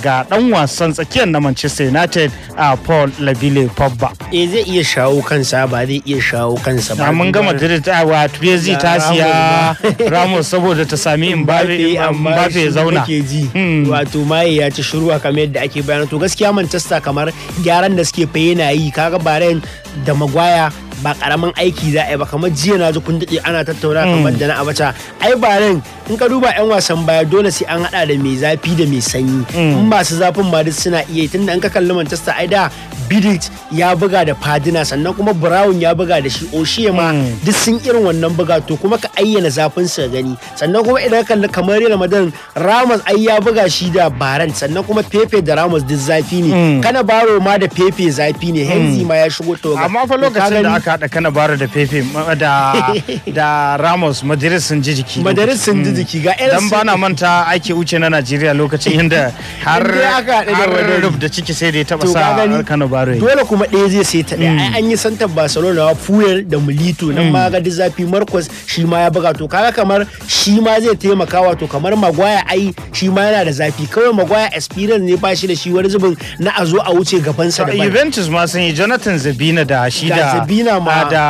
ga dan wasan tsakiyar na Manchester United a Paul Labile Pogba. Eh zai iya shawo kansa ba zai iya shawo kansa ba. Mun ga Madrid ta wa ta siya
Ramos saboda ta sami Mbappe amma zauna ke ji hmm. wato maye ya ci shiru kamar yadda ake bayan to gaskiya Manchester kamar gyaran da suke fa yana yi kaga Bayern da magwaya. ba karamin aiki za a yi ba kamar jiya na ji kun daɗe ana tattauna kamar mm. da na abaca ai ba nan in ka duba yan wasan baya dole sai an haɗa da mai zafi da mai sanyi mm. in masu zafin ma duk suna iya tunda in ka kalli Manchester ai da Bidic ya buga da Fadina sannan kuma Brown ya buga da shi Oshie ma mm. duk sun irin wannan buga to kuma ka ayyana zafin sa gani sannan kuma idan ka kalli kamar Real Madrid Ramos ai ya buga shi da Baran sannan kuma Pepe da Ramos duk zafi ne kana Baro ma da Pepe zafi ne Henry ma ya shigo to amma fa lokacin da
aka ta da kana bara da fefe da da Ramos majalisun sun ji jiki ga sun ji jiki ga dan bana manta ake wuce na Najeriya lokacin inda har har da ciki sai dai taba sa kana bara dole kuma
ɗaya zai sai ta ɗaya mm. an yi santa Barcelona Puyol da Milito nan ma mm. ga zafi Marcos shi ma ya buga to kaga kamar shi ma zai taimaka wato kamar Maguire ai shi ma yana da zafi kawai Maguire experience ne ba shi da shi wani zubin na a zo a wuce gabansa da
Juventus ma sun yi Jonathan Zabina da shi da Zabina ma ah, da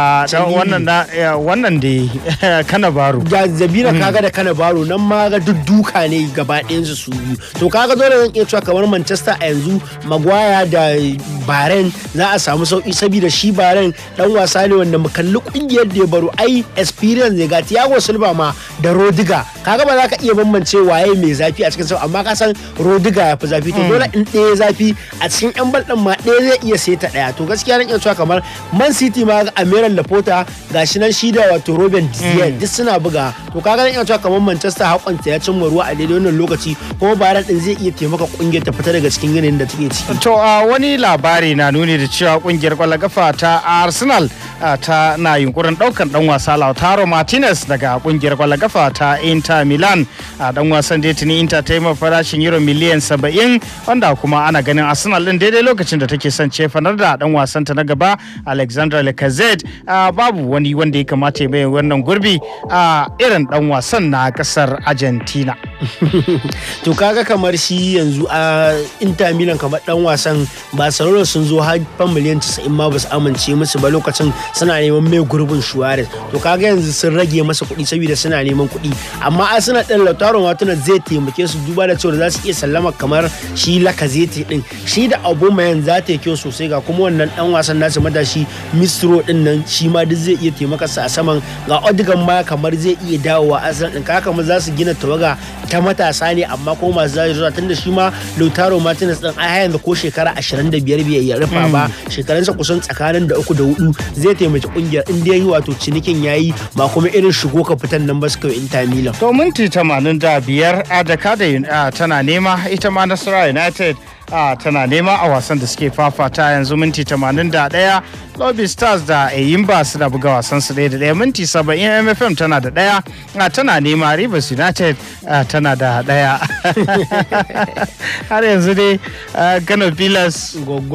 wannan wannan hmm.
da kana baro da zabira kaga da kana nan ma ga duk duka ne gaba ɗayansu su biyu to kaga dole zan iya cewa kamar Manchester a yanzu Maguire da Baren za a samu sauki saboda shi Baren dan wasa ne wanda mu kalli kungiyar da ya baro ai experience ne ga Thiago Silva ma da Rodiga kaga ba za ka iya bambance waye mai zafi a cikin sau amma ka san Rodiga ya fi zafi to hmm. dole in ɗaya zafi a cikin yan bal ma ɗaya zai iya seta ɗaya to gaskiya ran iya cewa kamar Man City ma kaga Amiral ga gashi nan shi da wato Robin Diaz mm. duk suna buga to kaga ina cewa kamar Manchester ta ya cimma ruwa a daidai wannan lokaci kuma Bayern
din zai iya taimaka kungiyar ta fita daga cikin yanayin da take ciki to a wani labari na nuni da cewa kungiyar kwallon kafa ta Arsenal ta na yunkurin daukan dan wasa Lautaro Martinez daga kungiyar kwallon kafa ta Inter Milan a dan wasan da tuni Inter ta yi farashin euro miliyan 70 wanda kuma ana ganin Arsenal din daidai lokacin da take son cefanar da dan wasan ta na gaba Alexander z babu wani wanda ya kamata ya wannan gurbi a irin dan wasan na kasar Argentina. to kaga
kamar shi yanzu a Inter Milan kamar dan wasan Barcelona sun zo har miliyan 90 ma basu amince musu ba lokacin suna neman mai gurbin Suarez. To kaga yanzu sun rage masa kuɗi saboda suna neman kuɗi amma a Arsenal ɗan Lautaro Martinez zai taimake su duba da cewa za su iya sallama kamar shi Lacazette din shi da Aubameyang za ta yi kyau sosai ga kuma wannan dan wasan nasu matashi mr hero din nan shi ma duk zai iya su a saman ga odigan ma kamar zai iya dawowa arsenal din kaka mu za su gina tawaga ta matasa ne amma ko masu zai zuwa tunda shi ma lautaro martinez din a yanzu ko shekara 25 bai ya rufa ba mm. shekarunsa kusan tsakanin da uku da hudu zai taimaki kungiyar in dai wato cinikin yayi ba kuma irin
shigo ka fitan nan ba su kai inter milan to minti 85 a da ah, tana nema ita ma nasara united tana nema a wasan da suke fafata yanzu minti 81 lobby stars da eyimba su da buga wasan su ɗaya da ɗaya minti 70 mfm tana da ɗaya tana nema rivers united tana da ɗaya har yanzu dai gano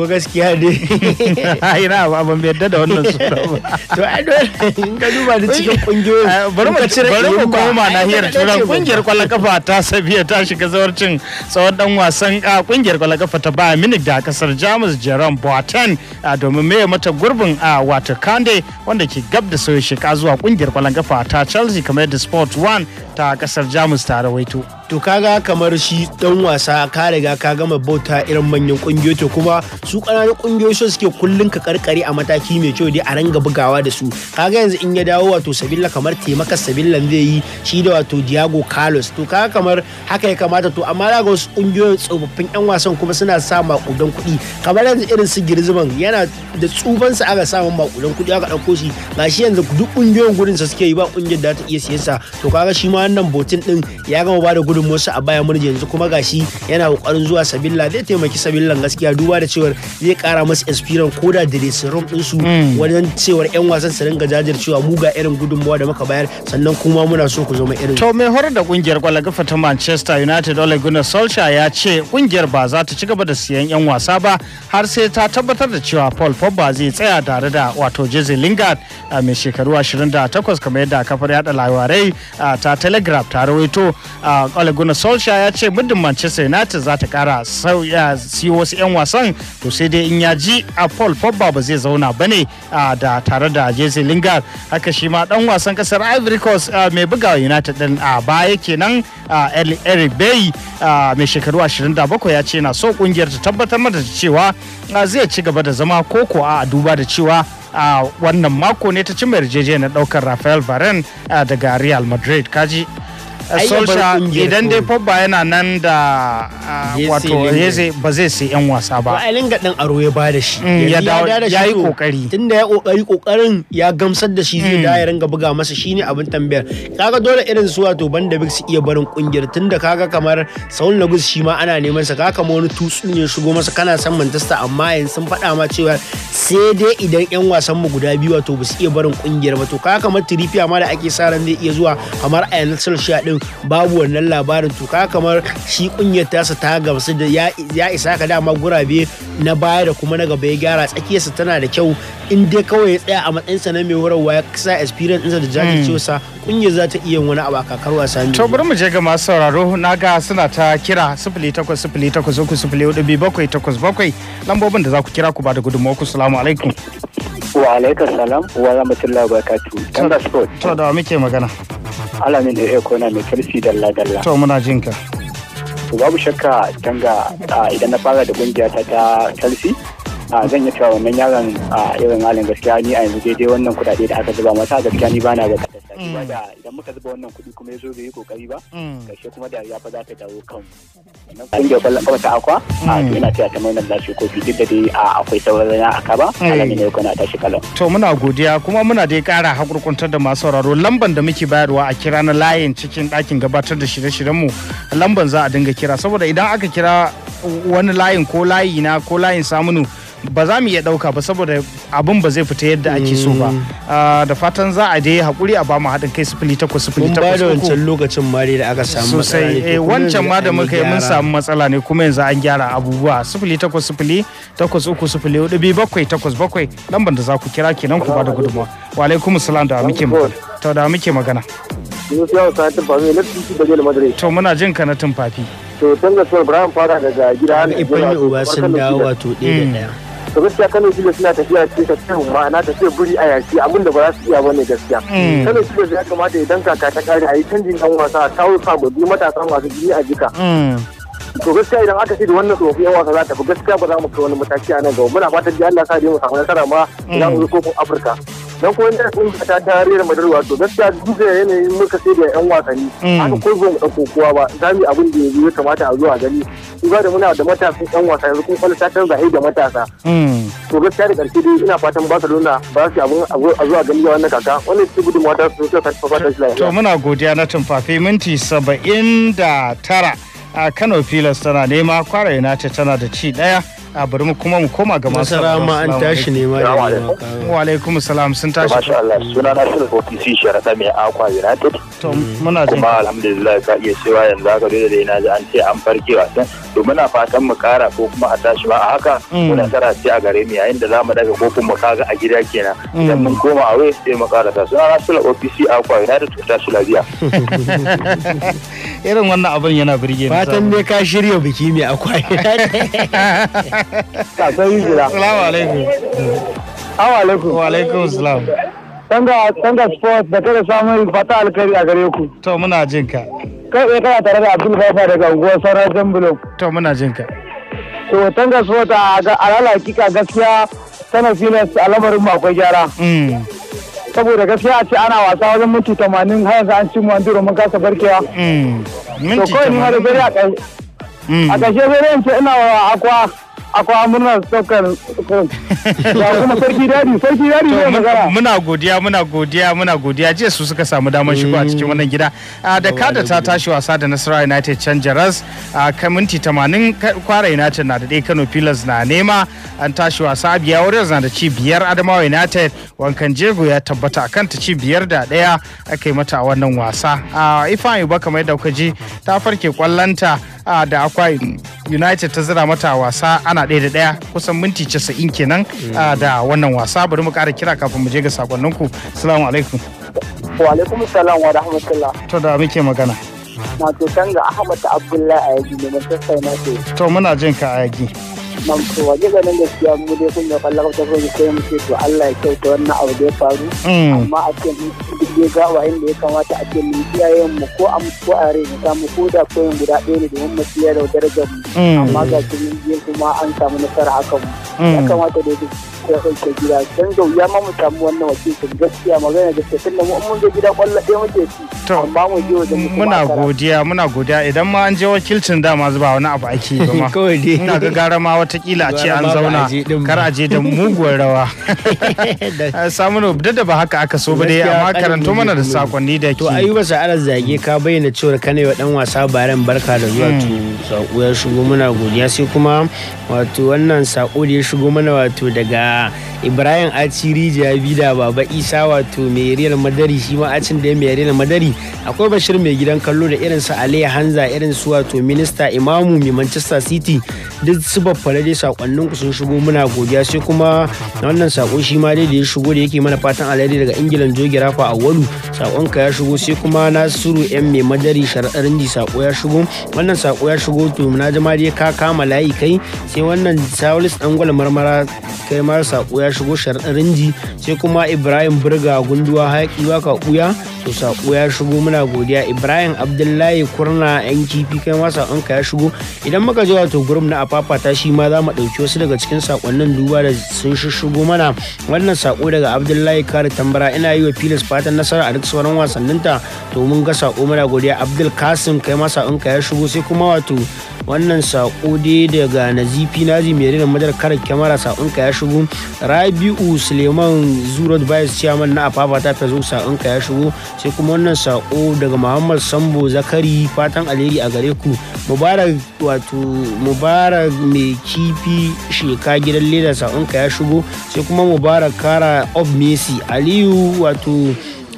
gaskiya dai ina ba ban yadda da wannan su to ai dole in ka duba da cikin kungiyoyi bari mu cire bari mu koma nahiyar turan kungiyar kwallon kafa ta sabiya ta shiga zawarcin tsawon dan wasan kungiyar kwallon kafa ta Bayern Munich da kasar Jamus Jerome Boateng domin mai mata gurbin a wato Kande wanda ke gab da sauya shika zuwa kungiyar kwallon kafa ta Chelsea kamar da Sport 1 ta kasar Jamus ta rawaito. to kaga kamar shi dan
wasa ka riga ka gama bauta irin manyan kungiyoyi to kuma su ƙananan kungiyoyi su suke kullun ka karkare a mataki mai kyau dai a ranga bugawa da su kaga yanzu in ya dawo wato sabilla kamar taimaka sabillan zai yi shi da wato Diago Carlos to kaga kamar haka ya kamata to amma daga wasu kungiyoyi tsofaffin yan wasan kuma suna sa makudan kuɗi kamar yanzu irin su Griezmann yana da sa aka samun makudan kuɗi aka ɗauko shi ga shi yanzu duk kungiyoyin gurin sa suke yi ba kungiyar da ta iya siyasa to kaga shi ma wannan botin din ya gama ba da gudunmuwarsa a bayan murji yanzu kuma gashi yana kokarin zuwa sabilla zai taimaki sabillan gaskiya duba da cewar zai kara masa experience ko da dressing room din su hmm. wajen cewar yan wasan su ringa cewa mu ga irin gudunmuwa da muka bayar
sannan kuma muna so ku zama irin to mai horar da kungiyar kwallon ta Manchester United Ole Gunnar Solskjaer ya ce kungiyar ba za ta ci gaba da siyan yan wasa ba har sai ta tabbatar da cewa Paul Pogba zai tsaya tare da wato Jesse Lingard mai shekaru 28 kamar yadda kafar yada labarai ta Telegraph ta rawaito Laguna Solsha ya ce muddin Manchester United za ta kara sauya siyo wasu 'yan wasan to sai dai in ya ji a Paul Pogba ba zai zauna ba ne da tare da Jesse Lingard haka shi ma dan wasan kasar Ivory Coast mai bugawa United din a baya kenan Eric Bay mai shekaru 27 ya ce na so kungiyar ta tabbatar mata cewa zai ci gaba da zama koko a duba da cewa a wannan mako ne ta cimma yarjejeniyar daukar Rafael Varane daga Real Madrid kaji Solsha idan dai Pogba yana nan da ah, wato Yeze ba zai sai yan wasa ba. Ba Linga ɗan aro ya bada shi. Mm, ya dawo ya yi kokari.
Tunda ya kokari kokarin ya gamsar da shi zai mm. da ya ringa buga masa shi ne abin tambayar. Kaga dole irin su wato Banda Big su iya barin kungiyar tunda kaga kamar Saul lagos shi ma ana neman sa kaga kamar wani tutsun ya shigo masa kana san Manchester amma yanzu sun faɗa ma cewa sai dai idan yan wasan mu guda biyu wato ba su iya barin kungiyar ba to kaga kamar Trippier ma da ake sa ran zai iya zuwa kamar a yanzu din babu wannan labarin to ka kamar shi kungiyar tasa ta gamsu da ya isa ka dama gurabe na baya da kuma na gaba ya gyara tsakiyarsa tana da kyau in dai kawai ya tsaya a matsayinsa na mai horarwa ya kasa experience ɗinsa da cewa kungiyar hmm. za ta iya wani abu a kakar wasa ne. To
bari mu je ga masu sauraro na ga suna ta kira sifili takwas sifili takwas uku sifili hudu biyu bakwai takwas bakwai lambobin da za ku kira ku ba da gudunmawa ku salamu alaikum. Wa alaikum salam wa rahmatullahi wa barakatuhu. Tanda sport. To da muke magana. Alamin da ya kona mai karfi dalla dalla. To muna jin ka babu shakka tanga idan na fara da kungiyata ta Chelsea a zan iya cewa wannan yaron
a irin halin gaskiya ni a yanzu daidai wannan kuɗaɗe da aka zuba masa gaskiya ni bana buƙatar
sa mm. ba da idan muka zuba wannan kuɗi kuma ya bai yi kokari ba karshe mm. kuma da ya fa za ta dawo kan nan da kwallon kafa ta akwa
a to mm. ina cewa ta murnar lafiya kofi duk da dai akwai sauraron rana aka ba ne kuna tashi kalam
to muna godiya kuma muna dai ƙara hakurkuntar da masu sauraro lamban da muke bayarwa a kira na layin cikin ɗakin gabatar da shirye mu lamban za a dinga kira saboda idan aka kira wani layin ko layi na ko layin samunu ba za mu iya ɗauka ba saboda abin ba zai fita yadda ake so ba mm. ah, da fatan za a dai hakuri a bamu haɗin kai sifili takwas sifili takwas uku wancan lokacin ma da aka samu matsala ne eh, wancan ma da muka yi mun samu matsala ne kuma yanzu an gyara abubuwa sifili takwas sifili takwas uku sifili hudu biyu bakwai takwas bakwai lambar da za ku kira kenan ku ba da gudunmawa wa alaikum salam da muke magana to da muke magana to muna jin ka na tumfafi to tun da sun Ibrahim fara daga gida Ibrahim Uba sun dawo wato ɗaya da ɗaya mm. to gaskiya kano shida suna
tafiya ce ta ce ma'ana ta ce buri a yaki abin da ba za su iya bane gaskiya hmm. kano shida ya kamata idan
kaka ta kare a yi canjin yan wasa a kawo biyu matasa masu jini a jika hmm. to gaskiya idan aka ce da wannan tsofi yan wasa za ta fi gaskiya ba za mu kai wani mataki a nan gaba muna fatan da Allah sa dai mu samu nasara ma idan mu zo kofin Afirka dan kuma inda kun ta tarihin madrid wato gaskiya duk da
yanayin muka sai da yan wasanni mm. haka ko zo mu dauko kowa ba za mu abin da ya kamata a zuwa gani ba da muna da matasa yan wasa yanzu kuma kwalta ta canza da matasa mm. to gaskiya da karshe dai ina fatan nuna ba su abin a zuwa gani da wannan kaka wannan ce gudun ta su suka karfafa da shi
to muna godiya na tumfafi minti saba'in da tara a kano filas tana nema kwara ta tana da ci daya a bari mu kuma mu koma ga masu ma an tashi ne ma yau wa alaikum salam sun tashi masha Allah suna na shi ofisi sharada mai akwa united to muna jin kuma alhamdulillah ka iya cewa yanzu haka dole da ina ji an ce an farke wasan Domin a fatan mu kara ko kuma a tashi ba a haka mm. mu nasara ce a gare mu yayin da zamu daga kofin mu kaga a gida kenan idan mun mm. koma a waye sai mu kara ta suna na sula OPC a kwa United to tashi lafiya irin wannan abin yana birge ni fatan ne ka shirya biki mai akwai sai jira. Assalamu alaikum. Wa alaikum assalam Tanga Tanga Sports da kada samun fata alkari a gare ku. To muna jin ka. Kai eh kana tare da Abdul Bafa daga unguwar Sauran Zambulo. To muna jin ka. To Tanga Sports a alala hakika gaskiya tana filas a lamarin akwai gyara. Mm. Saboda gaskiya a ce ana wasa wajen minti tamanin har yanzu an ci mu an duro mun kasa barkewa. Mm. Minti tamanin. To kawai ni har bari a kai. Mm. A ƙarshe bari in ce ina wa akwa. akwai amurna saukar ya kuma sarki dadi sarki dadi ne magana muna godiya muna godiya muna godiya jiya su suka samu damar shigo a cikin wannan gida da kada ta tashi wasa da Nasarawa United can Jaras kan minti 80 Kwara United na da dai Kano Pillars na nema an tashi wasa biya Warriors na da ci biyar Adamawa United wankan jego ya tabbata akan ta ci biyar da daya aka yi mata a wannan wasa Ifan Yuba kamar yadda kuka ji ta farke kwallanta da akwai United ta zira mata wasa ana ɗaya da ɗaya kusan minti casa'in kenan mm. ah, da wannan wasa bari mu ƙara kira kafin mu je ga sakonninku salamu alaikum wa alaikum salam wa rahmatullah to da muke magana na to tanga ahmad abdullahi ayagi ne mun tattauna to muna jin ka ayagi nan to waje ganin gaskiya mu dai kun ga kallon ta kuma sai
mu ce to Allah ya kyauta wannan abu da ya faru mm. amma a ce mu duk ga wa inda ya kamata a ce mu kiyaye mu ko am ko a rai ta mu ko da koyin guda ɗaya ne domin mu kiyaye da daraja mu mm. amma ga mun je kuma an samu nasara hakan mu mm. ya kamata da ya ɗauke gida dan da ya ma mu samu wannan wakilin gaskiya magana gaskiya tunda mu mun je gida kwallo ɗaya muke
ci amma mu je wajen muna godiya muna godiya idan ma an je wakilcin dama zuba wani abu ake yi ba ma ina ga gara ma wata watakila a ce an zauna kar a je da muguwar rawa eh, saminu duk da ba haka aka so ba dai amma karanto mana da sakonni da ke to ayuba
sa'arar zage ka bayyana cewar kane wa dan wasa baren barka da zuwa hmm. to sako ya shigo mana godiya sai kuma wato wannan sako da ya shigo mana wato daga ibrahim aciri da baba isa wato mai madari shi ma acin da ya mai madari akwai bashir mai gidan kallo da irinsa aliyu hanza irin su wato minista imamu mai manchester city duk su babbar kamar dai sakonnin ku sun shigo muna godiya sai kuma na wannan sako shi ma dai da ya shigo da yake mana fatan alheri daga ingilan jogirafa a walu sakon ka ya shigo sai kuma nasiru yan mai madari sharaɗarin ji sako ya shigo wannan sako ya shigo to na ji ma dai ka kama layi kai sai wannan saulis gwal marmara kai ma sako ya shigo sharaɗarin ji sai kuma ibrahim burga gunduwa hayaƙi waka to sako ya shigo muna godiya ibrahim abdullahi kurna yan kifi kai ma ka ya shigo idan muka je wato gurum na afafata shi ma za mu ɗauki wasu daga cikin sakonnin duba da sun shigo mana wannan sako daga abdullahi kare tambara ina yi wa filis fatan nasara a duk sauran wasanninta to mun ga sako muna godiya abdul kasim kai ma ka ya shigo sai kuma wato wannan sako dai daga nazifi nazi mai rinan madar karar kyamara sakonka ya shigo rabiu suleiman zurot bayes chairman na afafata facebook sakonka ya shigo sai kuma wannan sako daga muhammad sambo zakari fatan alheri a gare ku mubarak wato mubarak mai kifi sheka gidan leda sakonka ya shigo sai kuma mubarak kara of messi aliyu wato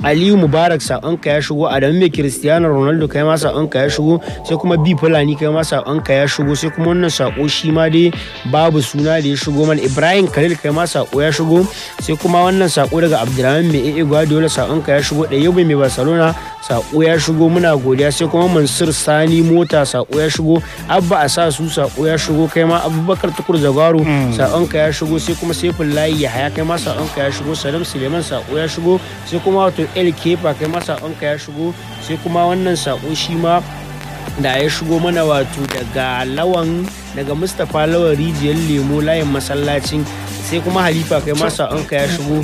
aliyu mubarak saƙonka ya shigo adamu mai cristiano ronaldo kai ma ka ya shigo sai kuma bi fulani kai ma ka ya shigo sai kuma wannan sako shi ma dai babu suna da ya shigo mana ibrahim khalil kai ma sako ya shigo sai kuma wannan sako daga abdulrahman mai ee guardiola ka ya shigo da ɗaya mai barcelona sako ya shigo muna godiya sai kuma mansur sani mota sako ya shigo abba a sa su sako ya shigo kai ma abubakar tukur zagaro hmm. sakonka ya shigo sai kuma saifin layi ya haya kai ma sakonka ya shigo salim suleiman sako ya shigo sai kuma wato el kai ma sakonka ya shigo sai kuma wannan sako shi ma da ya shigo mana wato daga lawan daga mustapha lawan rijiyar lemo layin masallacin sai kuma halifa kai masa an ka ya shigo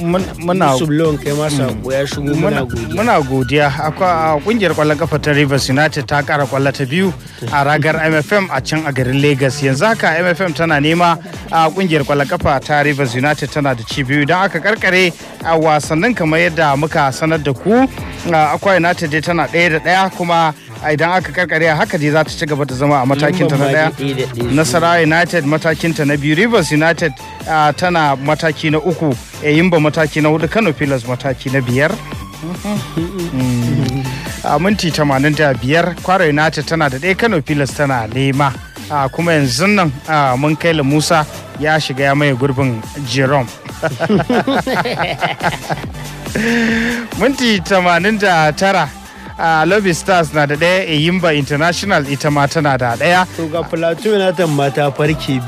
muna
lawan kai masa
ya shigo muna godiya
muna godiya akwai kungiyar kwallon kafa ta rivers united ta kara kwallo ta biyu a ragar mfm a can a garin lagos yanzu haka mfm tana nema a kungiyar kwallon kafa ta rivers united tana da ci biyu don aka karkare a wasannin kamar yadda muka sanar da ku akwai united tana ɗaya da ɗaya kuma idan aka karkare haka dai za ta ci gaba ta zama a matakin ta na daya nasara united matakin ta na biyu rivers united tana mataki na uku eyimba mataki na hudu kano pillars mataki na biyar mm. a minti 85 kwara united tana da ɗaya kano pillars tana lema a kuma yanzu nan mun kai musa ya shiga ya maye gurbin jerome minti 89 a love stars na da ɗaya yimba international ita ma tana da ɗaya to ga plateau
ta mata farke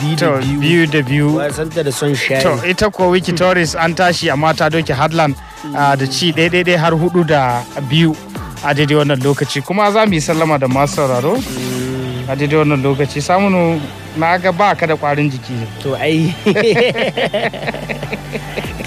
biyu da biyu wasanta da son shayi to
ita ko wiki torres an tashi amma ta doke hadland da ci ɗaya har hudu da biyu a daidai wannan lokaci kuma za mu yi sallama da masu sauraro a daidai wannan lokaci samunu na ga ba ka da kwarin jiki to ai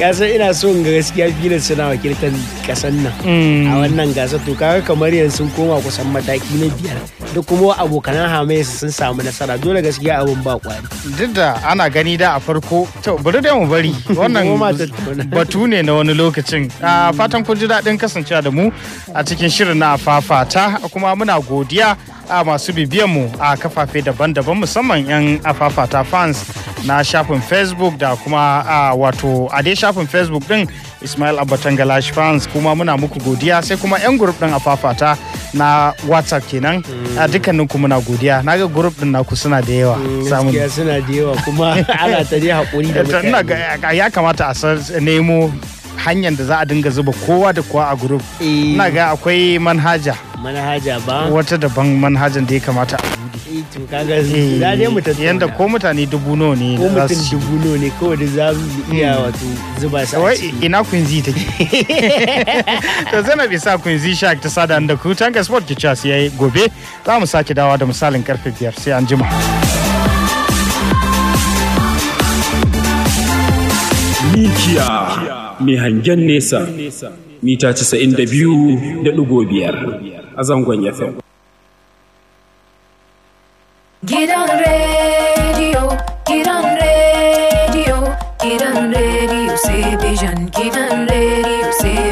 kasar ina so son ga gaskiya filin suna wakiltar kasar nan mm. a wannan gasar to kaga kamar yanzu sun koma kusan mataki na biyar da kuma abokanan hamayya sun samu nasara dole
gaskiya abin ba kwari duk da ana gani da a farko to bari da mu bari wannan batu ne na wani lokacin a fatan kun ji daɗin kasancewa da mu a cikin shirin na fafata kuma muna godiya a masu mu a kafafe daban-daban musamman 'yan afafata fans na shafin facebook da kuma a wato a dai shafin facebook din ismail abatangalash fans kuma muna muku godiya sai kuma 'yan gurup din afafata na whatsapp kenan a mm. dukkanin ku muna godiya na ga grup din naku suna da yawa samun mm, suna da yawa kuma ana ta dai haƙuri da mutane ya kamata a nemo hanyar da za a dinga zuba kowa da kowa a gurup eh. na ga akwai manhaja manhaja ba wata daban manhajan da ya kamata a buɗe eh, to kaga za dai mu tattauna yanda ko mutane dubu nawa ne ko mutum dubu nawa ne kawai da za mu iya hmm. wato zuba sa wai ina kunzi take to Zainab Isa kunzi Shark ta sada da ku tanga sport ki ci yayi gobe za mu saki dawa da misalin karfe 5 sai an jima
Mikiya mai hangen nesa mita 92 da ɗigo biyar.
Azangwen FM. Get on radio, get on radio, get on radio, say vision, get on radio, say